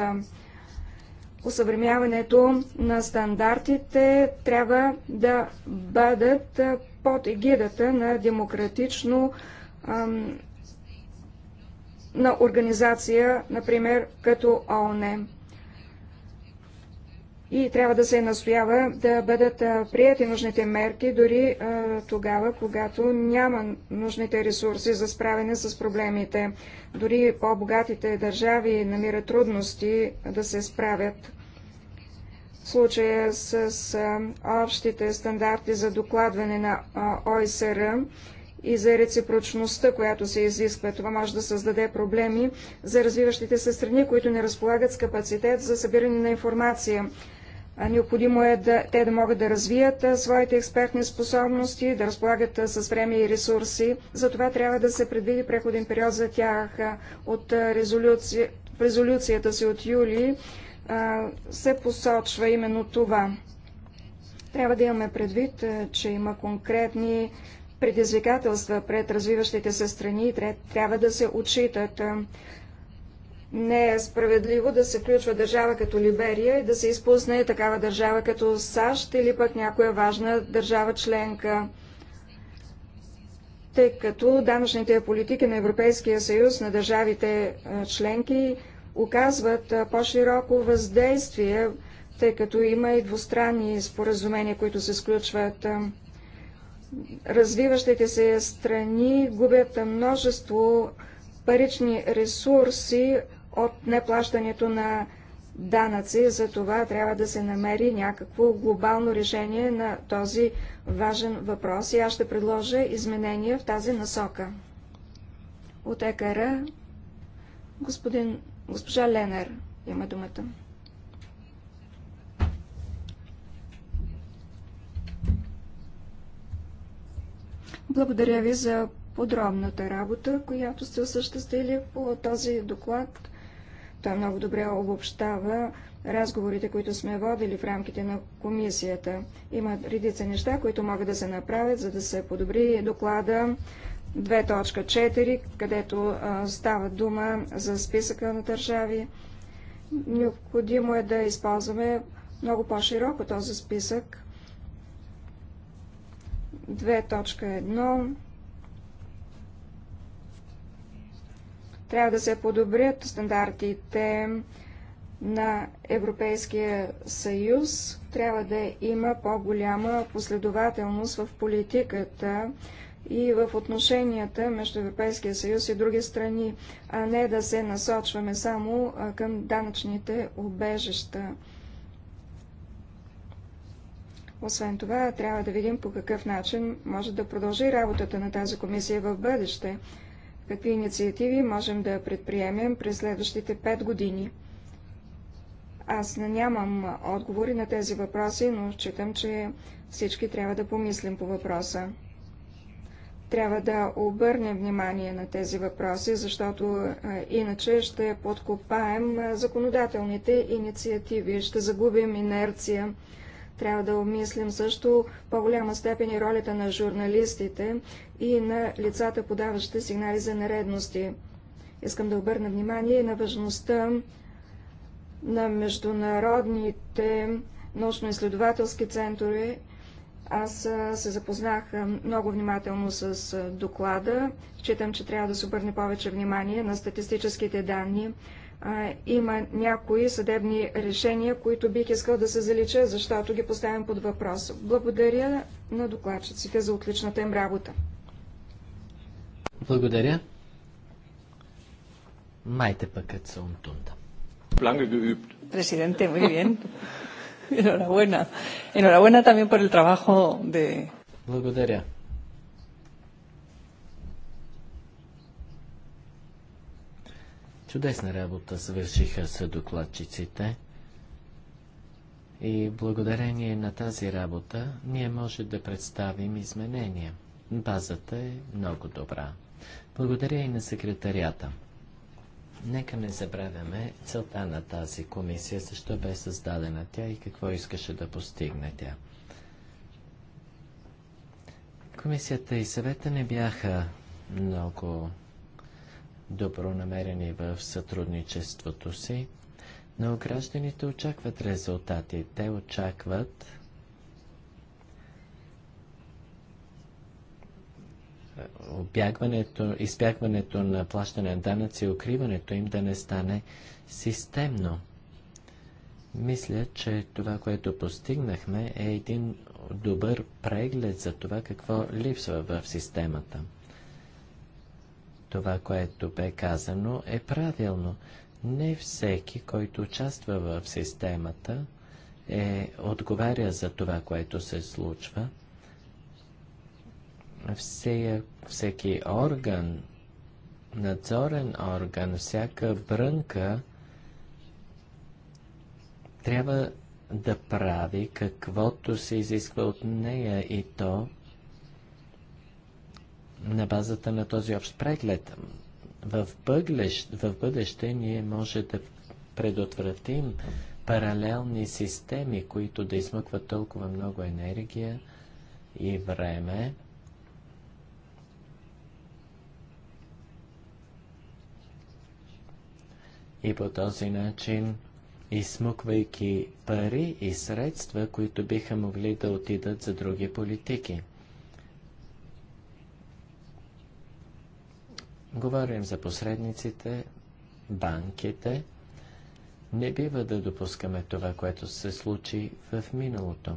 Осъвремяването на стандартите трябва да бъдат под егидата на демократично на организация, например, като ООН. И трябва да се настоява да бъдат прияти нужните мерки, дори тогава, когато няма нужните ресурси за справяне с проблемите. Дори по-богатите държави намират трудности да се справят случая с общите стандарти за докладване на ОСР и за реципрочността, която се изисква. Това може да създаде проблеми за развиващите се страни, които не разполагат с капацитет за събиране на информация. Необходимо е да, те да могат да развият своите експертни способности, да разполагат с време и ресурси. Затова трябва да се предвиди преходен период за тях от резолюци... резолюцията си от юли се посочва именно това. Трябва да имаме предвид, че има конкретни предизвикателства пред развиващите се страни и трябва да се отчитат. Не е справедливо да се включва държава като Либерия и да се изпусне такава държава като САЩ или пък някоя важна държава членка тъй като данъчните политики на Европейския съюз на държавите членки оказват по-широко въздействие, тъй като има и двустранни споразумения, които се сключват. Развиващите се страни губят множество парични ресурси от неплащането на данъци, за това трябва да се намери някакво глобално решение на този важен въпрос и аз ще предложа изменения в тази насока. От ЕКР господин Госпожа Ленер има думата. Благодаря ви за подробната работа, която сте осъществили по този доклад. Той много добре обобщава разговорите, които сме водили в рамките на комисията. Има редица неща, които могат да се направят, за да се подобри доклада, 2.4, където става дума за списъка на държави. Необходимо е да използваме много по-широко този списък. 2.1 Трябва да се подобрят стандартите на Европейския съюз. Трябва да има по-голяма последователност в политиката и в отношенията между Европейския съюз и други страни, а не да се насочваме само към данъчните обежища. Освен това, трябва да видим по какъв начин може да продължи работата на тази комисия в бъдеще, какви инициативи можем да предприемем през следващите пет години. Аз не нямам отговори на тези въпроси, но считам, че всички трябва да помислим по въпроса трябва да обърнем внимание на тези въпроси, защото иначе ще подкопаем законодателните инициативи, ще загубим инерция. Трябва да обмислим също по-голяма степен и ролята на журналистите и на лицата, подаващи сигнали за нередности. Искам да обърна внимание на важността на международните научно-изследователски центрове аз се запознах много внимателно с доклада. Считам, че трябва да се обърне повече внимание на статистическите данни. Има някои съдебни решения, които бих искал да се залича, защото ги поставям под въпрос. Благодаря на докладчиците за отличната им работа. Благодаря. Майте пъкът са Президенте, muy [LAUGHS] Enhorabuena. Enhorabuena también por el trabajo de. Благодаря. Чудесна работа свършиха с докладчиците. И благодарение на тази работа ние може да представим изменения. Базата е много добра. Благодаря и на секретарията. Нека не забравяме целта на тази комисия, защо бе създадена тя и какво искаше да постигне тя. Комисията и съвета не бяха много добронамерени в сътрудничеството си, но гражданите очакват резултати. Те очакват обягването, избягването на плащане на данъци и укриването им да не стане системно. Мисля, че това, което постигнахме, е един добър преглед за това какво липсва в системата. Това, което бе казано, е правилно. Не всеки, който участва в системата, е, отговаря за това, което се случва – всея, всеки орган, надзорен орган, всяка брънка трябва да прави каквото се изисква от нея и то на базата на този общ преглед. В бъдеще, в бъдеще ние може да предотвратим паралелни системи, които да измъкват толкова много енергия и време, и по този начин изсмуквайки пари и средства, които биха могли да отидат за други политики. Говорим за посредниците, банките. Не бива да допускаме това, което се случи в миналото.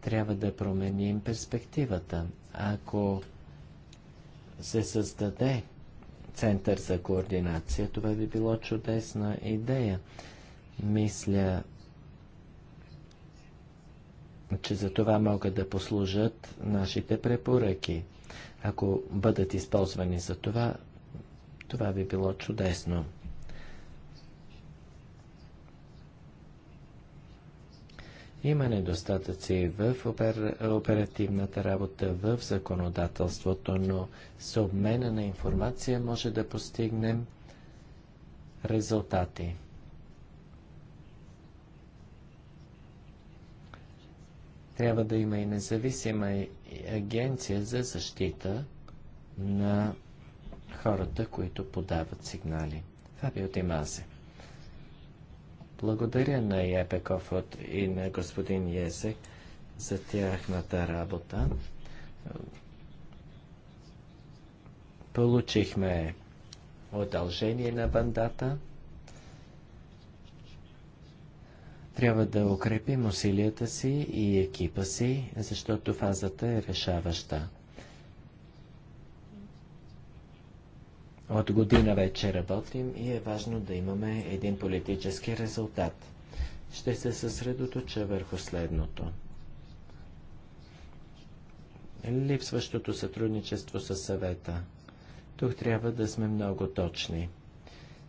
Трябва да променим перспективата. Ако се създаде център за координация. Това би било чудесна идея. Мисля, че за това могат да послужат нашите препоръки. Ако бъдат използвани за това, това би било чудесно. Има недостатъци в опер... оперативната работа, в законодателството, но с обмена на информация може да постигнем резултати. Трябва да има и независима агенция за защита на хората, които подават сигнали. Фабио Димазе. Благодаря на Епекофът и на господин Есек за тяхната работа. Получихме удължение на бандата. Трябва да укрепим усилията си и екипа си, защото фазата е решаваща. От година вече работим и е важно да имаме един политически резултат. Ще се съсредоточа върху следното. Липсващото сътрудничество със съвета. Тук трябва да сме много точни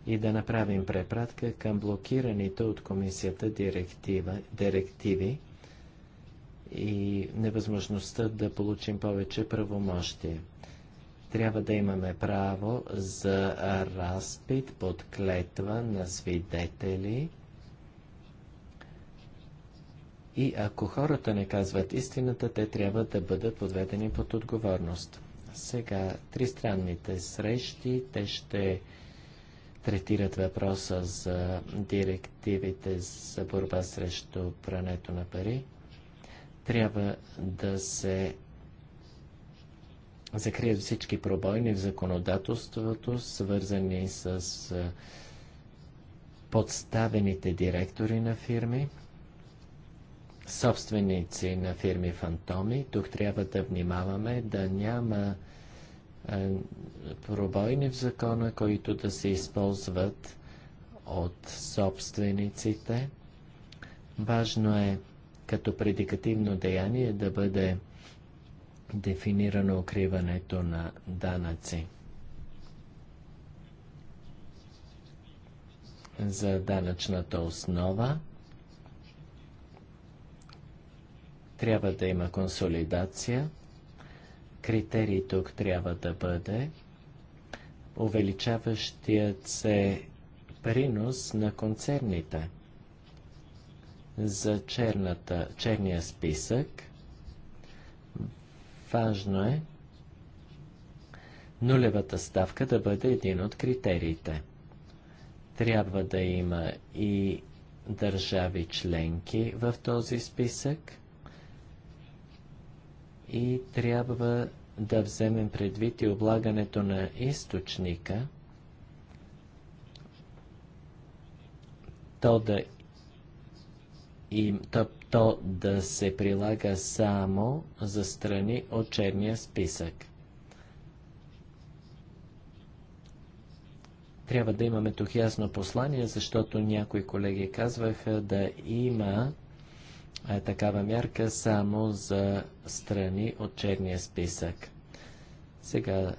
и да направим препратка към блокираните от комисията директива, директиви и невъзможността да получим повече правомощие. Трябва да имаме право за разпит под клетва на свидетели. И ако хората не казват истината, те трябва да бъдат подведени под отговорност. Сега, тристранните срещи, те ще третират въпроса за директивите за борба срещу прането на пари. Трябва да се закрият всички пробойни в законодателството, свързани с подставените директори на фирми, собственици на фирми фантоми. Тук трябва да внимаваме да няма пробойни в закона, които да се използват от собствениците. Важно е като предикативно деяние да бъде дефинирано укриването на данъци. За данъчната основа трябва да има консолидация. Критерий тук трябва да бъде увеличаващият се принос на концерните за черната, черния списък Важно е нулевата ставка да бъде един от критериите. Трябва да има и държави членки в този списък и трябва да вземем предвид и облагането на източника, то да и то, то да се прилага само за страни от черния списък. Трябва да имаме тук ясно послание, защото някои колеги казваха да има е, такава мярка само за страни от черния списък. Сега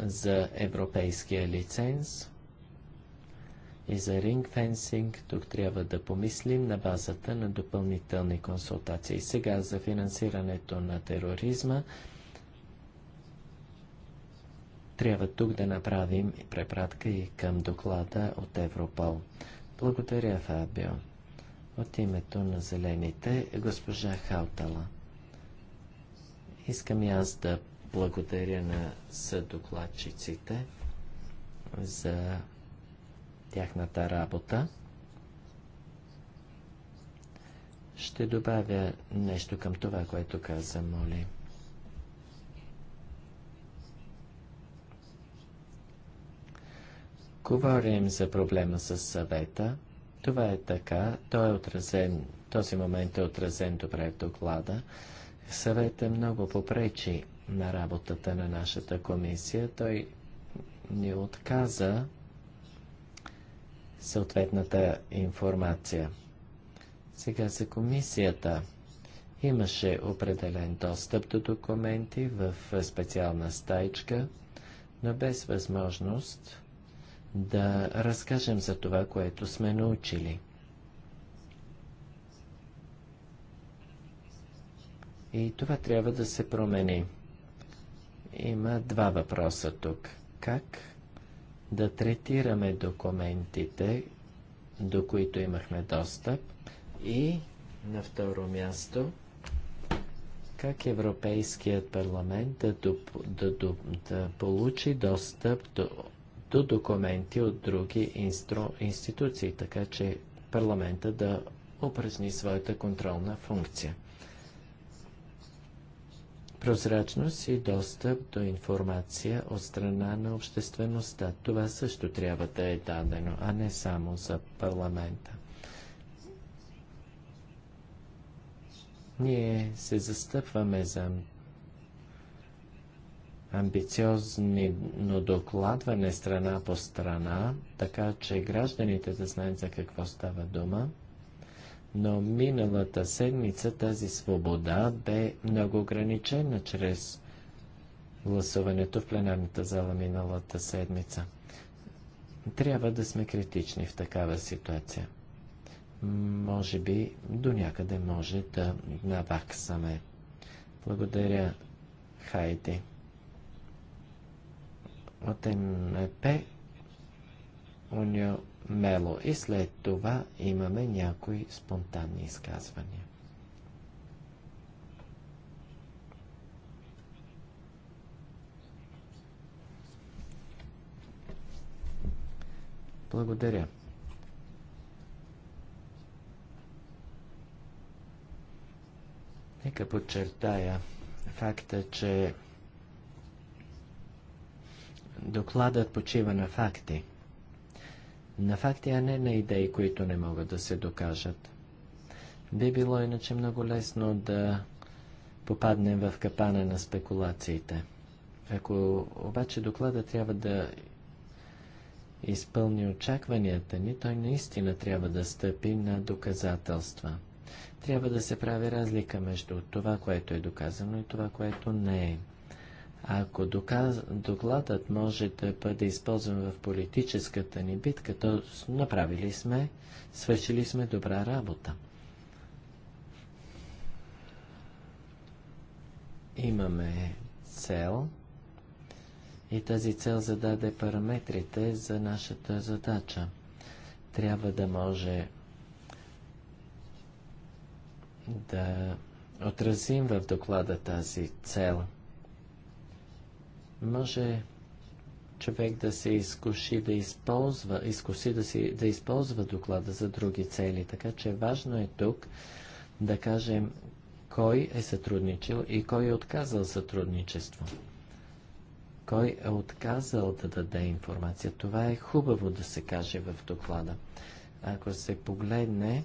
за европейския лиценз и за ринг фенсинг, Тук трябва да помислим на базата на допълнителни консултации. Сега за финансирането на тероризма трябва тук да направим и препратка и към доклада от Европол. Благодаря, Фабио. От името на зелените, госпожа Хаутала. Искам и аз да благодаря на съдокладчиците за тяхната работа. Ще добавя нещо към това, което каза Моли. Говорим за проблема с съвета. Това е така. Той е отразен, този момент е отразен добре в доклада. е много попречи на работата на нашата комисия. Той ни отказа съответната информация. Сега за комисията. Имаше определен достъп до документи в специална стайчка, но без възможност да разкажем за това, което сме научили. И това трябва да се промени. Има два въпроса тук. Как да третираме документите, до които имахме достъп и на второ място как Европейският парламент да, доп, да, да, да получи достъп до, до документи от други инстру, институции, така че парламента да упражни своята контролна функция прозрачност и достъп до информация от страна на обществеността. Това също трябва да е дадено, а не само за парламента. Ние се застъпваме за амбициозно докладване страна по страна, така че гражданите да знаят за какво става дума но миналата седмица тази свобода бе много ограничена чрез гласуването в пленарната зала миналата седмица. Трябва да сме критични в такава ситуация. Може би до някъде може да наваксаме. Благодаря, Хайди. От МП Унио Мело и след това имаме някои спонтанни изказвания. Благодаря. Нека подчертая факта, че докладът почива на факти на факти, а не на идеи, които не могат да се докажат. Би било иначе много лесно да попаднем в капана на спекулациите. Ако обаче доклада трябва да изпълни очакванията ни, той наистина трябва да стъпи на доказателства. Трябва да се прави разлика между това, което е доказано и това, което не е. Ако доказ... докладът може да бъде използван в политическата ни битка, то направили сме, свършили сме добра работа. Имаме цел и тази цел зададе параметрите за нашата задача. Трябва да може да отразим в доклада тази цел – може човек да се изкуши да използва, изкуси да, си, да използва доклада за други цели. Така че важно е тук да кажем кой е сътрудничил и кой е отказал сътрудничество. Кой е отказал да даде информация. Това е хубаво да се каже в доклада. Ако се погледне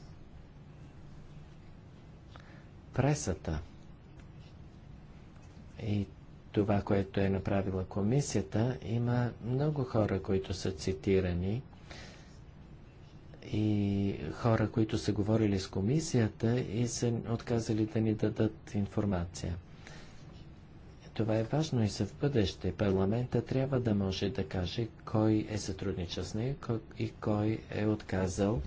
пресата и това, което е направила комисията, има много хора, които са цитирани и хора, които са говорили с комисията и са отказали да ни дадат информация. Това е важно и за в бъдеще. Парламента трябва да може да каже кой е сътрудничал с нея и кой е отказал,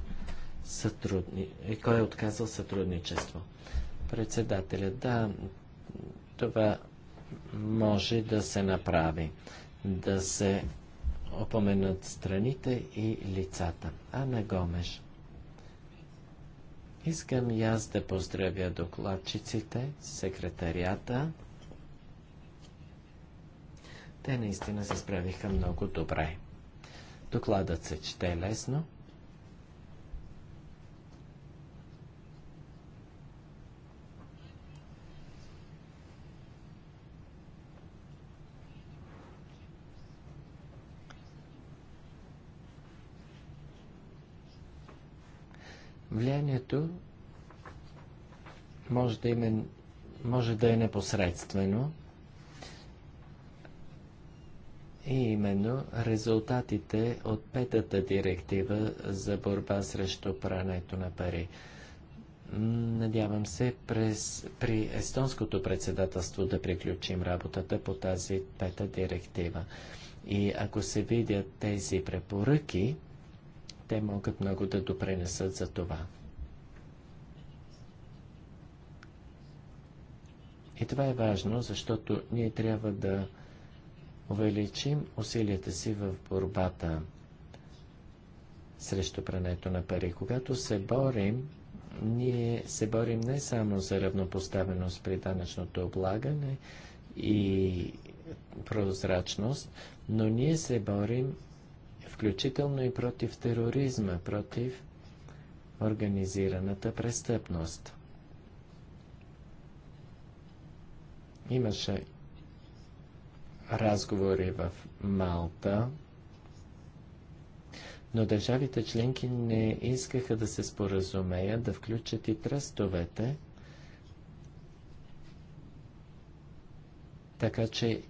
сътрудни... и кой е отказал сътрудничество. Председателя, да, това може да се направи, да се опоменат страните и лицата. А не Гомеш. Искам и аз да поздравя докладчиците, секретарията. Те наистина се справиха много добре. Докладът се чете лесно. Влиянието може да, има, може да е непосредствено и именно резултатите от петата директива за борба срещу прането на пари. Надявам се през, при естонското председателство да приключим работата по тази пета директива. И ако се видят тези препоръки, те могат много да допренесат за това. И това е важно, защото ние трябва да увеличим усилията си в борбата срещу прането на пари. Когато се борим, ние се борим не само за равнопоставеност при данъчното облагане и прозрачност, но ние се борим включително и против тероризма, против организираната престъпност. Имаше разговори в Малта, но държавите членки не искаха да се споразумеят да включат и тръстовете, така че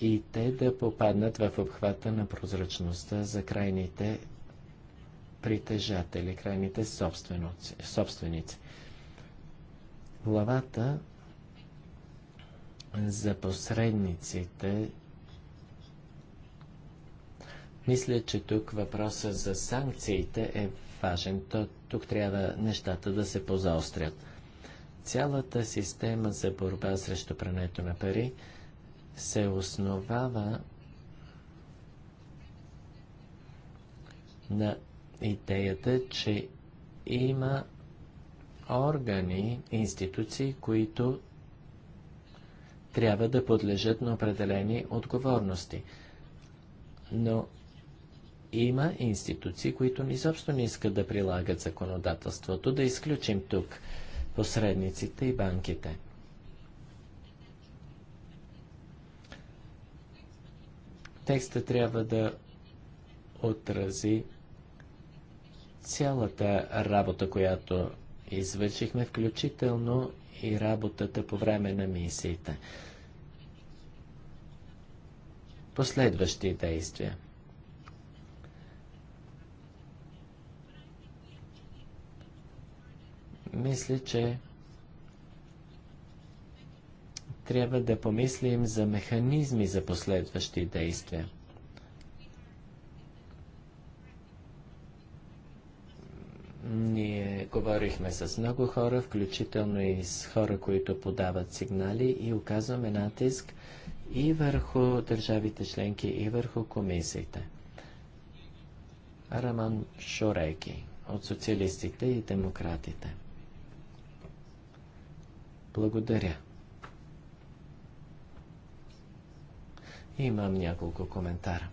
и те да попаднат в обхвата на прозрачността за крайните притежатели, крайните собственици. Главата за посредниците мисля, че тук въпросът за санкциите е важен. То, тук трябва нещата да се позаострят. Цялата система за борба срещу прането на пари – се основава на идеята, че има органи, институции, които трябва да подлежат на определени отговорности. Но има институции, които изобщо не искат да прилагат законодателството, да изключим тук посредниците и банките. Текста трябва да отрази цялата работа, която извършихме, включително и работата по време на мисията. Последващи действия. Мисля, че трябва да помислим за механизми за последващи действия. Ние говорихме с много хора, включително и с хора, които подават сигнали и оказваме натиск и върху държавите членки, и върху комисиите. Раман Шореки от социалистите и демократите. Благодаря. Имам няколко коментара.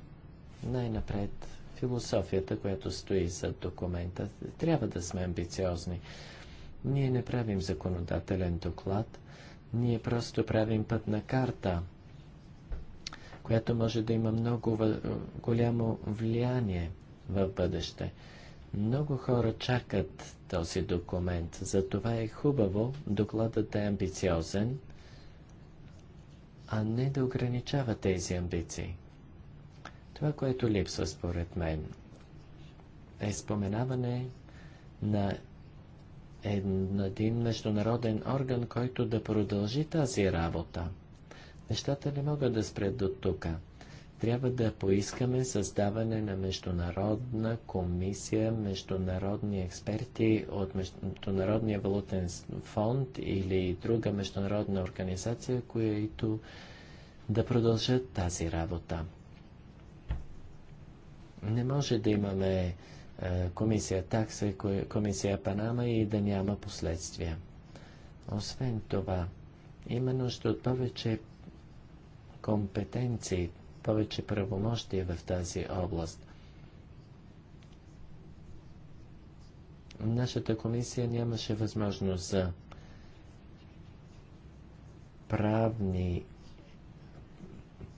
Най-напред философията, която стои за документа, трябва да сме амбициозни. Ние не правим законодателен доклад, ние просто правим пътна карта, която може да има много голямо влияние в бъдеще. Много хора чакат този документ, затова е хубаво докладът да е амбициозен, а не да ограничава тези амбиции. Това, което липсва според мен, е споменаване на един международен орган, който да продължи тази работа. Нещата не могат да спрят до тук трябва да поискаме създаване на международна комисия, международни експерти от Международния валутен фонд или друга международна организация, които да продължат тази работа. Не може да имаме е, комисия такса, комисия Панама и да няма последствия. Освен това, има нужда от повече компетенции повече правомощия в тази област. Нашата комисия нямаше възможност за правни,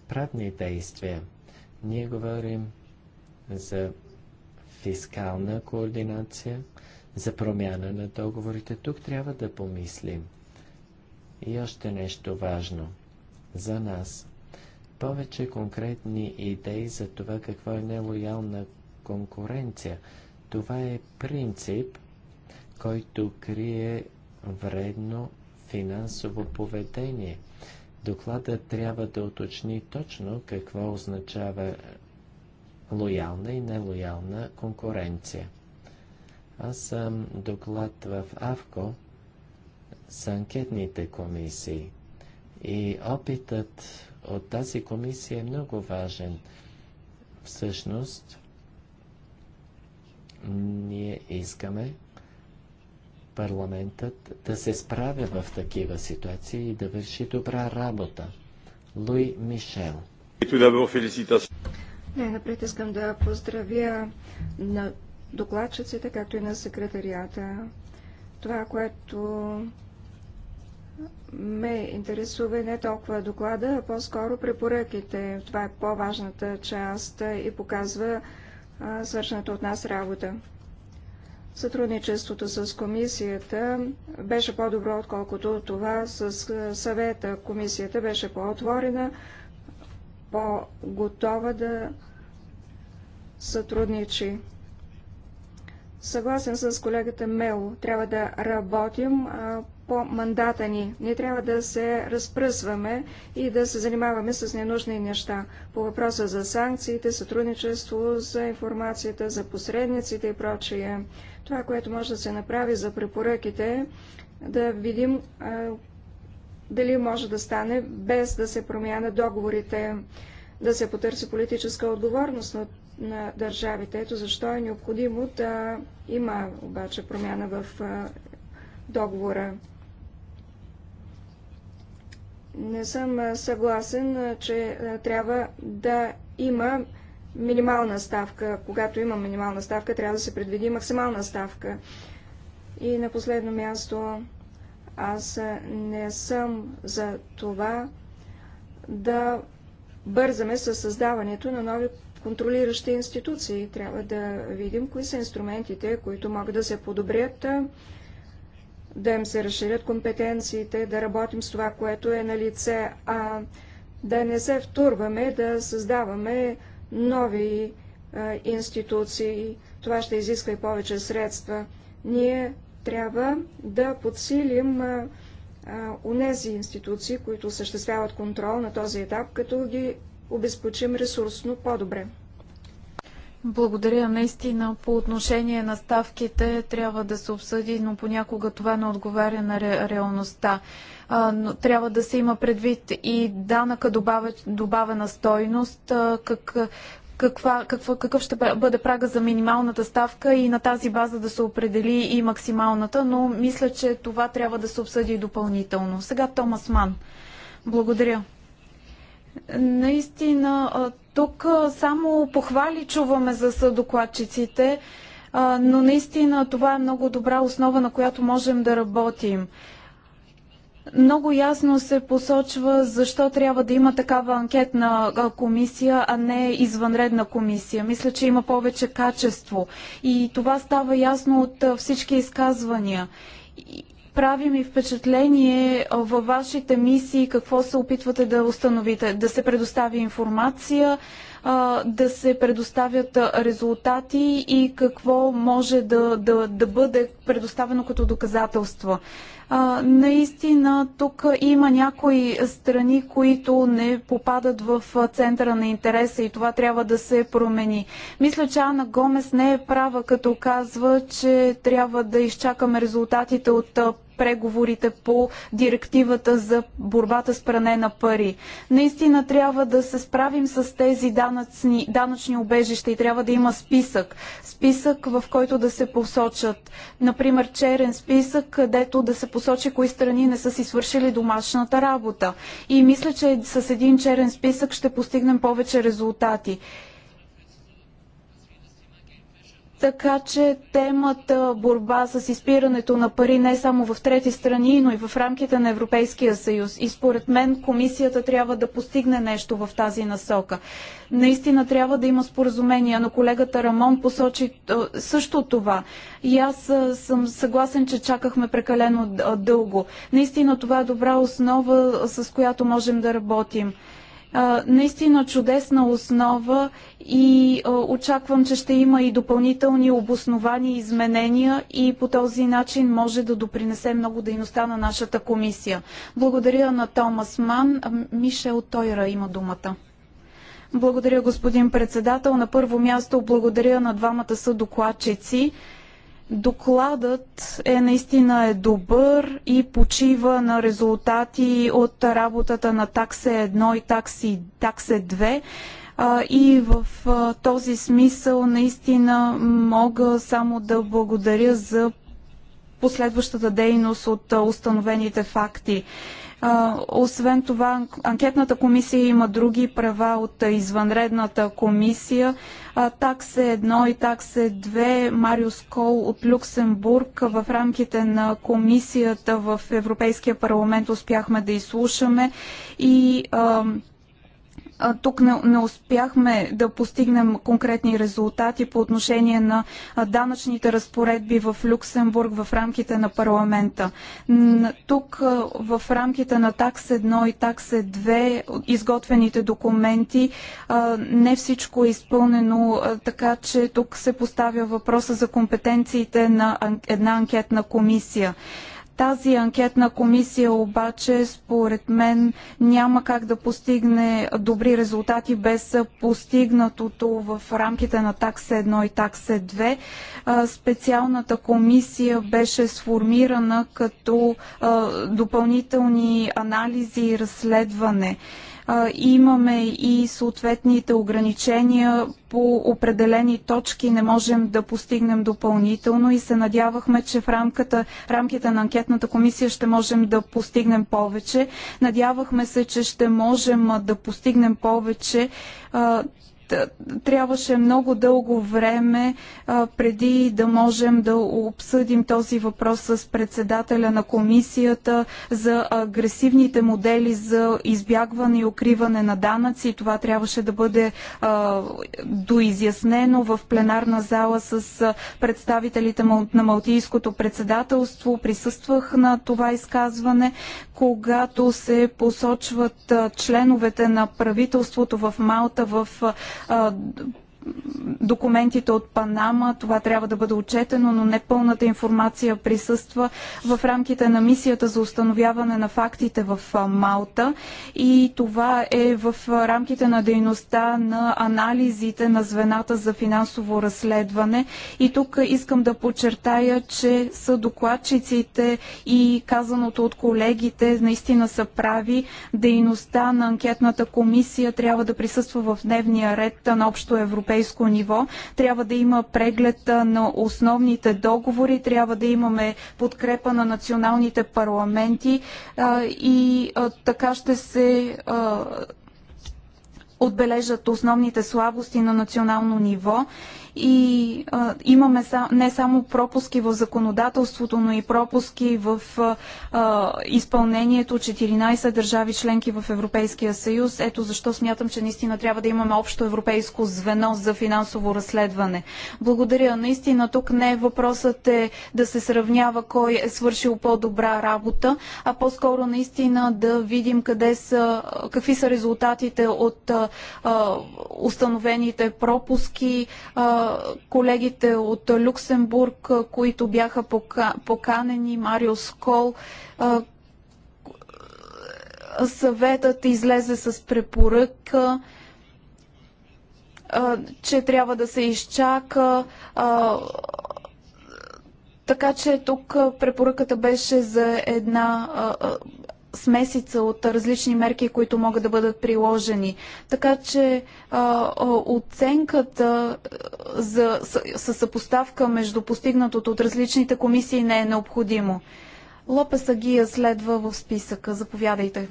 правни действия. Ние говорим за фискална координация, за промяна на договорите. Тук трябва да помислим. И още нещо важно за нас повече конкретни идеи за това какво е нелоялна конкуренция. Това е принцип, който крие вредно финансово поведение. Докладът трябва да уточни точно какво означава лоялна и нелоялна конкуренция. Аз съм доклад в АВКО с анкетните комисии и опитът от тази комисия е много важен. Всъщност, ние искаме парламентът да се справя в такива ситуации и да върши добра работа. Луи Мишел. Най-напред искам да поздравя на докладчиците, както и на секретарията. Това, което ме интересува не толкова доклада, а по-скоро препоръките. Това е по-важната част и показва свършената от нас работа. Сътрудничеството с комисията беше по-добро, отколкото това с съвета. Комисията беше по-отворена, по-готова да сътрудничи. Съгласен с колегата Мело, трябва да работим по мандата ни. Не трябва да се разпръсваме и да се занимаваме с ненужни неща. По въпроса за санкциите, сътрудничество, за информацията, за посредниците и прочие. Това, което може да се направи за препоръките, да видим дали може да стане без да се промяна договорите, да се потърси политическа отговорност, но на държавите. Ето защо е необходимо да има обаче промяна в договора. Не съм съгласен, че трябва да има минимална ставка. Когато има минимална ставка, трябва да се предвиди максимална ставка. И на последно място, аз не съм за това да бързаме със създаването на нови контролиращи институции. Трябва да видим кои са инструментите, които могат да се подобрят, да им се разширят компетенциите, да работим с това, което е на лице, а да не се втурваме, да създаваме нови институции. Това ще изисква и повече средства. Ние трябва да подсилим у нези институции, които съществяват контрол на този етап, като ги обезпечим ресурсно по-добре. Благодаря. Наистина по отношение на ставките трябва да се обсъди, но понякога това не отговаря на ре, реалността. А, но трябва да се има предвид и данъка добава, добавена стойност, а, как, каква, каква, какъв ще бъде прага за минималната ставка и на тази база да се определи и максималната, но мисля, че това трябва да се обсъди допълнително. Сега Томас Ман. Благодаря. Наистина, тук само похвали чуваме за съдокладчиците, но наистина това е много добра основа, на която можем да работим. Много ясно се посочва защо трябва да има такава анкетна комисия, а не извънредна комисия. Мисля, че има повече качество. И това става ясно от всички изказвания прави ми впечатление във вашите мисии какво се опитвате да установите. Да се предостави информация, да се предоставят резултати и какво може да, да, да бъде предоставено като доказателство. наистина тук има някои страни, които не попадат в центъра на интереса и това трябва да се промени. Мисля, че Ана Гомес не е права, като казва, че трябва да изчакаме резултатите от преговорите по директивата за борбата с пране на пари. Наистина трябва да се справим с тези данъчни, данъчни обежища и трябва да има списък. Списък, в който да се посочат, например, черен списък, където да се посочи кои страни не са си свършили домашната работа. И мисля, че с един черен списък ще постигнем повече резултати. Така че темата борба с изпирането на пари не само в трети страни, но и в рамките на Европейския съюз. И според мен комисията трябва да постигне нещо в тази насока. Наистина трябва да има споразумение, но колегата Рамон посочи също това. И аз съм съгласен, че чакахме прекалено дълго. Наистина това е добра основа, с която можем да работим наистина чудесна основа и очаквам, че ще има и допълнителни обосновани изменения и по този начин може да допринесе много дейността на нашата комисия. Благодаря на Томас Ман. Мишел Тойра има думата. Благодаря, господин председател. На първо място благодаря на двамата съдокладчици. докладчици Докладът е наистина е добър и почива на резултати от работата на такси 1 и такси, такси 2. И в този смисъл наистина мога само да благодаря за последващата дейност от установените факти. Освен това, анкетната комисия има други права от извънредната комисия. Такс 1 е и такс 2 е Мариус Кол от Люксембург в рамките на комисията в Европейския парламент успяхме да изслушаме и а, тук не, не успяхме да постигнем конкретни резултати по отношение на а, данъчните разпоредби в Люксембург в рамките на парламента. Тук а, в рамките на такс 1 и такс 2 изготвените документи а, не всичко е изпълнено, а, така че тук се поставя въпроса за компетенциите на една анкетна комисия. Тази анкетна комисия обаче, според мен, няма как да постигне добри резултати без постигнатото в рамките на такса 1 и такса 2. Специалната комисия беше сформирана като допълнителни анализи и разследване имаме и съответните ограничения по определени точки не можем да постигнем допълнително и се надявахме, че в рамката, рамките на анкетната комисия ще можем да постигнем повече. Надявахме се, че ще можем да постигнем повече трябваше много дълго време а, преди да можем да обсъдим този въпрос с председателя на комисията за агресивните модели за избягване и укриване на данъци. Това трябваше да бъде а, доизяснено в пленарна зала с представителите на Малтийското председателство. Присъствах на това изказване, когато се посочват членовете на правителството в Малта в а, документите от Панама. Това трябва да бъде отчетено, но непълната информация присъства в рамките на мисията за установяване на фактите в Малта. И това е в рамките на дейността на анализите на звената за финансово разследване. И тук искам да подчертая, че са докладчиците и казаното от колегите наистина са прави. Дейността на анкетната комисия трябва да присъства в дневния ред на общо европейско европейско ниво. Трябва да има преглед на основните договори, трябва да имаме подкрепа на националните парламенти и така ще се отбележат основните слабости на национално ниво и а, имаме са, не само пропуски в законодателството, но и пропуски в а, изпълнението 14 държави членки в Европейския съюз. Ето защо смятам, че наистина трябва да имаме общо европейско звено за финансово разследване. Благодаря. Наистина тук не въпросът е да се сравнява кой е свършил по-добра работа, а по-скоро наистина да видим къде са, какви са резултатите от а, установените пропуски, а, колегите от Люксембург, които бяха пока, поканени, Марио Скол, съветът излезе с препоръка, че трябва да се изчака. Така че тук препоръката беше за една смесица от различни мерки, които могат да бъдат приложени. Така че а, оценката за, със съпоставка между постигнатото от различните комисии не е необходимо. Лопес Агия следва в списъка. Заповядайте.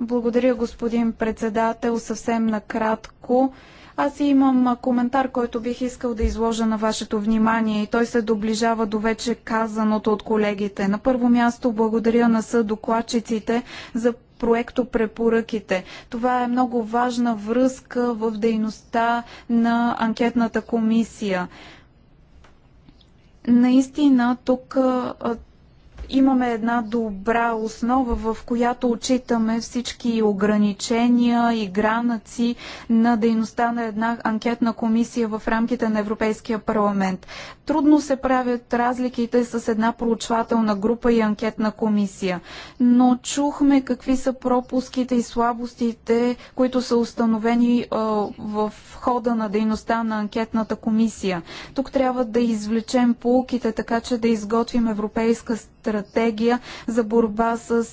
Благодаря, господин председател. Съвсем накратко. Аз имам коментар, който бих искал да изложа на вашето внимание и той се доближава до вече казаното от колегите. На първо място благодаря на съдокладчиците за проекто препоръките. Това е много важна връзка в дейността на анкетната комисия. Наистина тук имаме една добра основа, в която отчитаме всички ограничения и граници на дейността на една анкетна комисия в рамките на Европейския парламент. Трудно се правят разликите с една проучвателна група и анкетна комисия, но чухме какви са пропуските и слабостите, които са установени в хода на дейността на анкетната комисия. Тук трябва да извлечем полуките, така че да изготвим европейска стратегия стратегия за борба с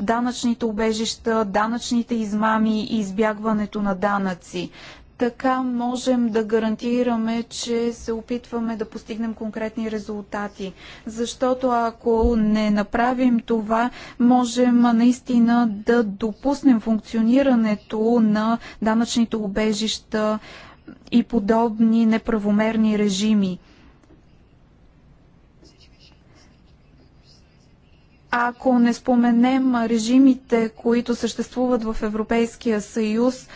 данъчните убежища, данъчните измами и избягването на данъци. Така можем да гарантираме, че се опитваме да постигнем конкретни резултати. Защото ако не направим това, можем наистина да допуснем функционирането на данъчните убежища и подобни неправомерни режими. ако не споменем режимите, които съществуват в Европейския съюз,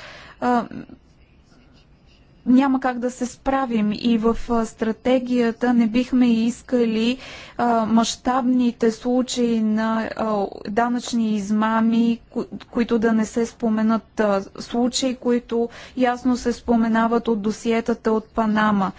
няма как да се справим и в стратегията не бихме искали мащабните случаи на данъчни измами, които да не се споменат случаи, които ясно се споменават от досиетата от Панама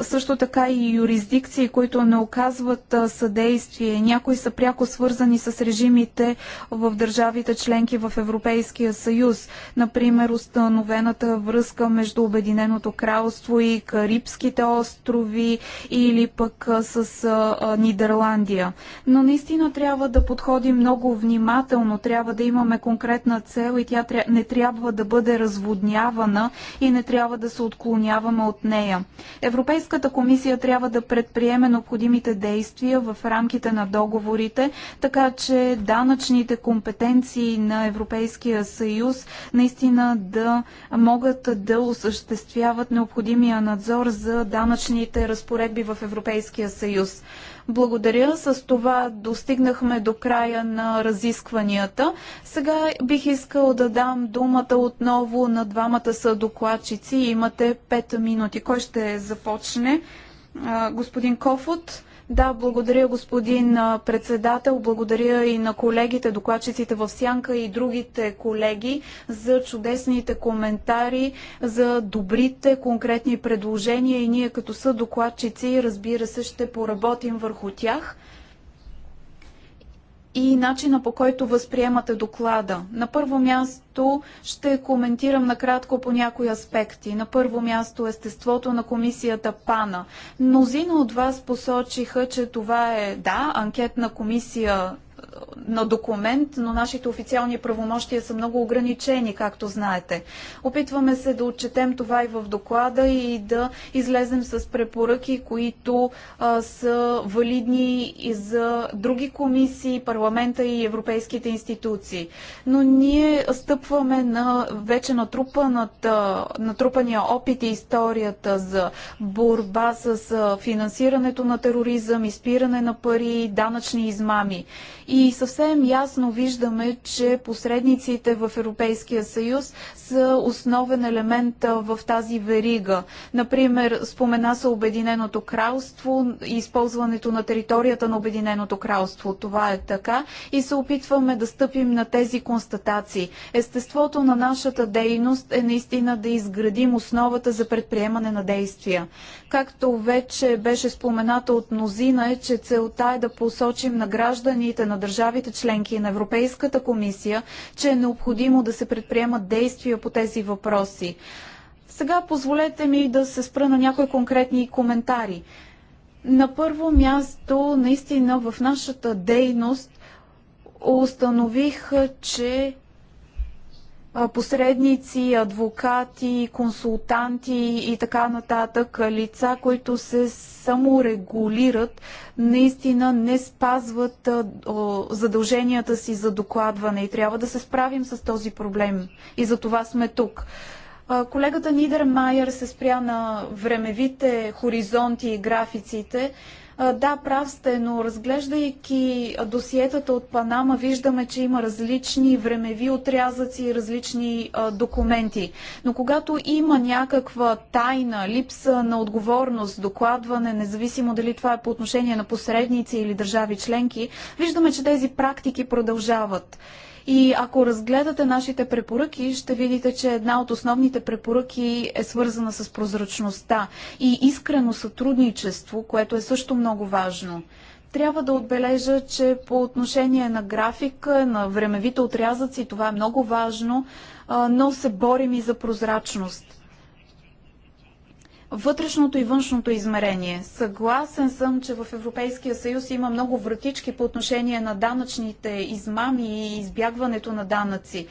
също така и юрисдикции, които не оказват съдействие. Някои са пряко свързани с режимите в държавите членки в Европейския съюз. Например, установената връзка между Обединеното кралство и Карибските острови или пък с Нидерландия. Но наистина трябва да подходим много внимателно, трябва да имаме конкретна цел и тя не трябва да бъде разводнявана и не трябва да се отклоняваме от нея. Европейската комисия трябва да предприеме необходимите действия в рамките на договорите, така че данъчните компетенции на Европейския съюз наистина да могат да осъществяват необходимия надзор за данъчните разпоредби в Европейския съюз. Благодаря. С това достигнахме до края на разискванията. Сега бих искал да дам думата отново на двамата са докладчици. Имате пет минути. Кой ще започне? Господин Кофот. Да, благодаря господин председател, благодаря и на колегите, докладчиците в Сянка и другите колеги за чудесните коментари, за добрите конкретни предложения и ние като са докладчици, разбира се, ще поработим върху тях и начина по който възприемате доклада. На първо място ще коментирам накратко по някои аспекти. На първо място естеството на комисията ПАНА. Мнозина от вас посочиха, че това е, да, анкетна комисия на документ, но нашите официални правомощия са много ограничени, както знаете. Опитваме се да отчетем това и в доклада и да излезем с препоръки, които а, са валидни и за други комисии, парламента и европейските институции. Но ние стъпваме на вече натрупания опит и историята за борба с финансирането на тероризъм, изпиране на пари, данъчни измами. И съвсем ясно виждаме, че посредниците в Европейския съюз са основен елемент в тази верига. Например, спомена се Обединеното кралство и използването на територията на Обединеното кралство. Това е така и се опитваме да стъпим на тези констатации. Естеството на нашата дейност е наистина да изградим основата за предприемане на действия. Както вече беше спомената от мнозина е, че целта е да посочим на гражданите на държавата, държавите членки и на Европейската комисия, че е необходимо да се предприемат действия по тези въпроси. Сега позволете ми да се спра на някои конкретни коментари. На първо място, наистина в нашата дейност установих, че посредници, адвокати, консултанти и така нататък, лица, които се саморегулират, наистина не спазват задълженията си за докладване и трябва да се справим с този проблем. И за това сме тук. Колегата Нидер Майер се спря на времевите хоризонти и графиците. Да, прав сте, но разглеждайки досиетата от Панама, виждаме, че има различни времеви отрязъци и различни документи. Но когато има някаква тайна, липса на отговорност, докладване, независимо дали това е по отношение на посредници или държави членки, виждаме, че тези практики продължават. И ако разгледате нашите препоръки, ще видите, че една от основните препоръки е свързана с прозрачността и искрено сътрудничество, което е също много важно. Трябва да отбележа, че по отношение на графика, на времевите отрязъци, това е много важно, но се борим и за прозрачност вътрешното и външното измерение. Съгласен съм, че в Европейския съюз има много вратички по отношение на данъчните измами и избягването на данъци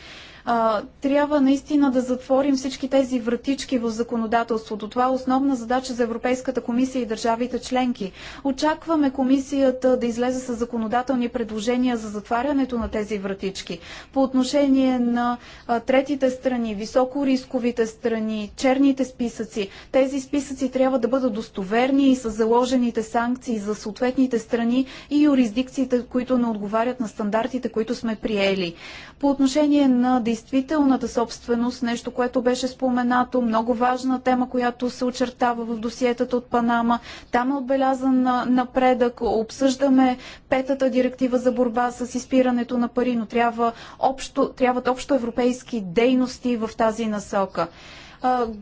а, трябва наистина да затворим всички тези вратички в законодателството. Това е основна задача за Европейската комисия и държавите членки. Очакваме комисията да излезе с законодателни предложения за затварянето на тези вратички. По отношение на а, третите страни, високорисковите страни, черните списъци, тези списъци трябва да бъдат достоверни и с заложените санкции за съответните страни и юрисдикциите, които не отговарят на стандартите, които сме приели. По отношение на действителната собственост, нещо, което беше споменато, много важна тема, която се очертава в досиетата от Панама. Там е отбелязан напредък. Обсъждаме петата директива за борба с изпирането на пари, но трябва общо, трябват общо европейски дейности в тази насока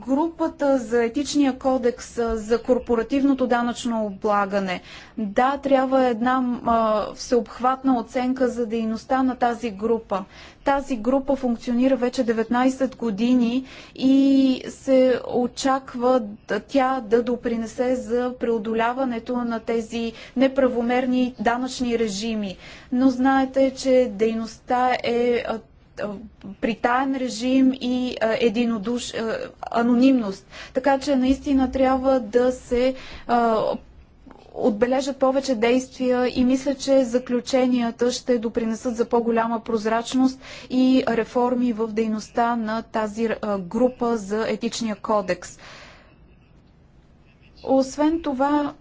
групата за етичния кодекс за корпоративното данъчно облагане. Да, трябва една всеобхватна оценка за дейността на тази група. Тази група функционира вече 19 години и се очаква тя да допринесе за преодоляването на тези неправомерни данъчни режими. Но знаете, че дейността е при таен режим и единодуш, анонимност. Така че наистина трябва да се отбележат повече действия и мисля, че заключенията ще допринесат за по-голяма прозрачност и реформи в дейността на тази група за етичния кодекс. Освен това,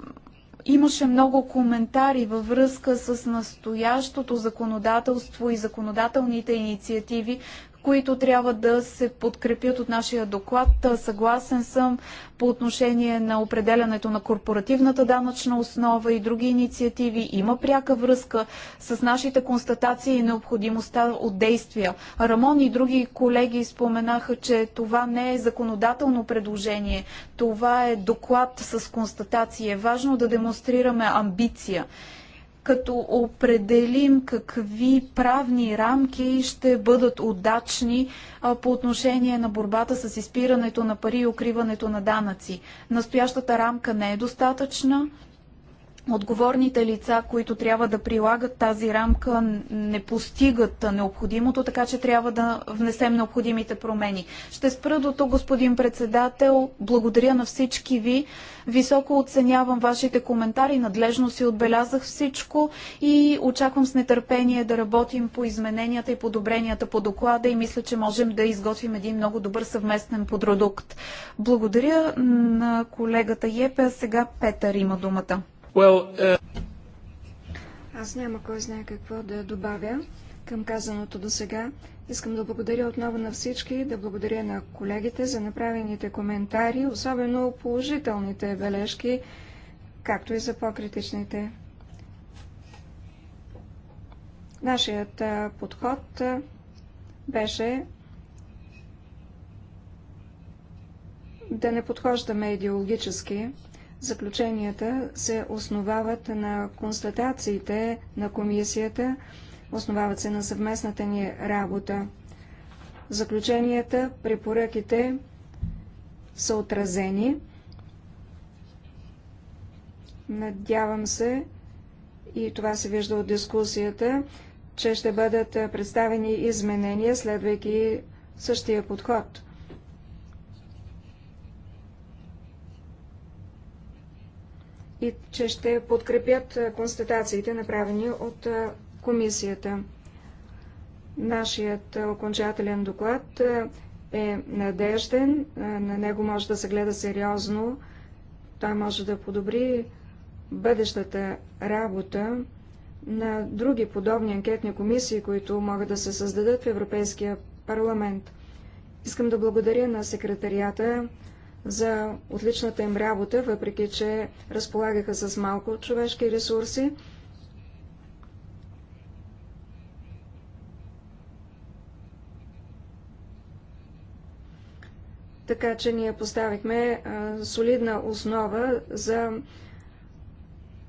Имаше много коментари във връзка с настоящото законодателство и законодателните инициативи, които трябва да се подкрепят от нашия доклад. Съгласен съм по отношение на определянето на корпоративната данъчна основа и други инициативи. Има пряка връзка с нашите констатации и необходимостта от действия. Рамон и други колеги споменаха, че това не е законодателно предложение. Това е доклад с констатации. Е важно да демонстрираме амбиция като определим какви правни рамки ще бъдат удачни по отношение на борбата с изпирането на пари и укриването на данъци. Настоящата рамка не е достатъчна отговорните лица, които трябва да прилагат тази рамка, не постигат необходимото, така че трябва да внесем необходимите промени. Ще спра до тук, господин председател. Благодаря на всички ви. Високо оценявам вашите коментари. Надлежно си отбелязах всичко и очаквам с нетърпение да работим по измененията и подобренията по доклада и мисля, че можем да изготвим един много добър съвместен продукт. Благодаря на колегата Епе. Сега Петър има думата. Аз няма кой знае какво да добавя към казаното до сега. Искам да благодаря отново на всички, да благодаря на колегите за направените коментари, особено положителните бележки, както и за по-критичните. Нашият подход беше да не подхождаме идеологически, Заключенията се основават на констатациите на комисията, основават се на съвместната ни работа. Заключенията, препоръките са отразени. Надявам се, и това се вижда от дискусията, че ще бъдат представени изменения, следвайки същия подход – и че ще подкрепят е, констатациите, направени от е, комисията. Нашият е, окончателен доклад е надежден, на него може да се гледа сериозно, той може да подобри бъдещата работа на други подобни анкетни комисии, които могат да се създадат в Европейския парламент. Искам да благодаря на секретарията за отличната им работа, въпреки че разполагаха с малко човешки ресурси. Така че ние поставихме солидна основа за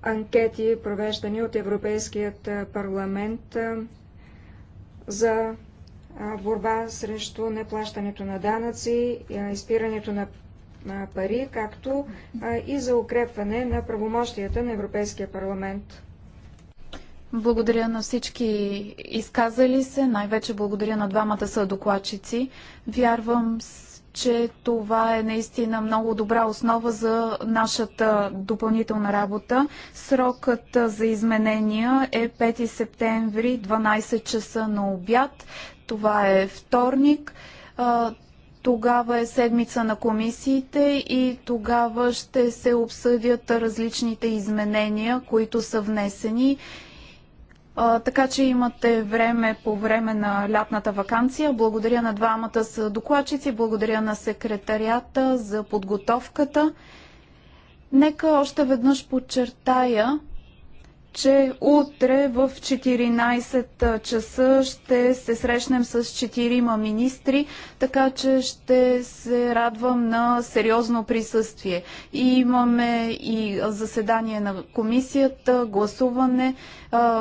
анкети, провеждани от Европейският парламент за борба срещу неплащането на данъци, изпирането на пари, както и за укрепване на правомощията на Европейския парламент. Благодаря на всички изказали се, най-вече благодаря на двамата са докладчици. Вярвам, че това е наистина много добра основа за нашата допълнителна работа. Срокът за изменения е 5 септември, 12 часа на обяд. Това е вторник. Тогава е седмица на комисиите и тогава ще се обсъдят различните изменения, които са внесени. А, така че имате време по време на лятната вакансия. Благодаря на двамата с докладчици, благодаря на секретарията за подготовката. Нека още веднъж подчертая, че утре в 14 часа ще се срещнем с 4 министри, така че ще се радвам на сериозно присъствие. И имаме и заседание на комисията, гласуване.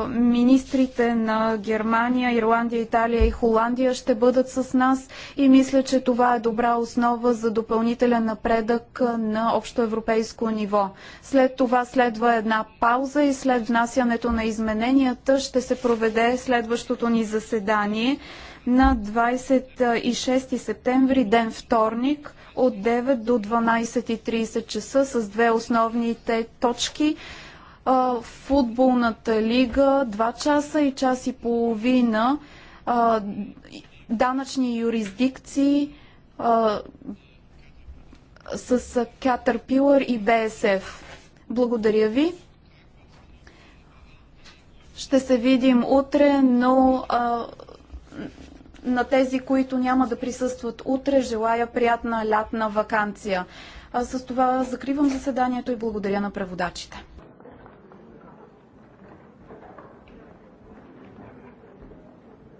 Министрите на Германия, Ирландия, Италия и Холандия ще бъдат с нас и мисля, че това е добра основа за допълнителен напредък на общоевропейско ниво. След това следва една пауза и след една внасянето на измененията ще се проведе следващото ни заседание на 26 септември, ден вторник, от 9 до 12.30 часа с две основните точки. Футболната лига 2 часа и час и половина, данъчни юрисдикции с Caterpillar и BSF. Благодаря ви. Ще се видим утре, но а, на тези, които няма да присъстват утре, желая приятна лятна вакансия. А, с това закривам заседанието и благодаря на преводачите.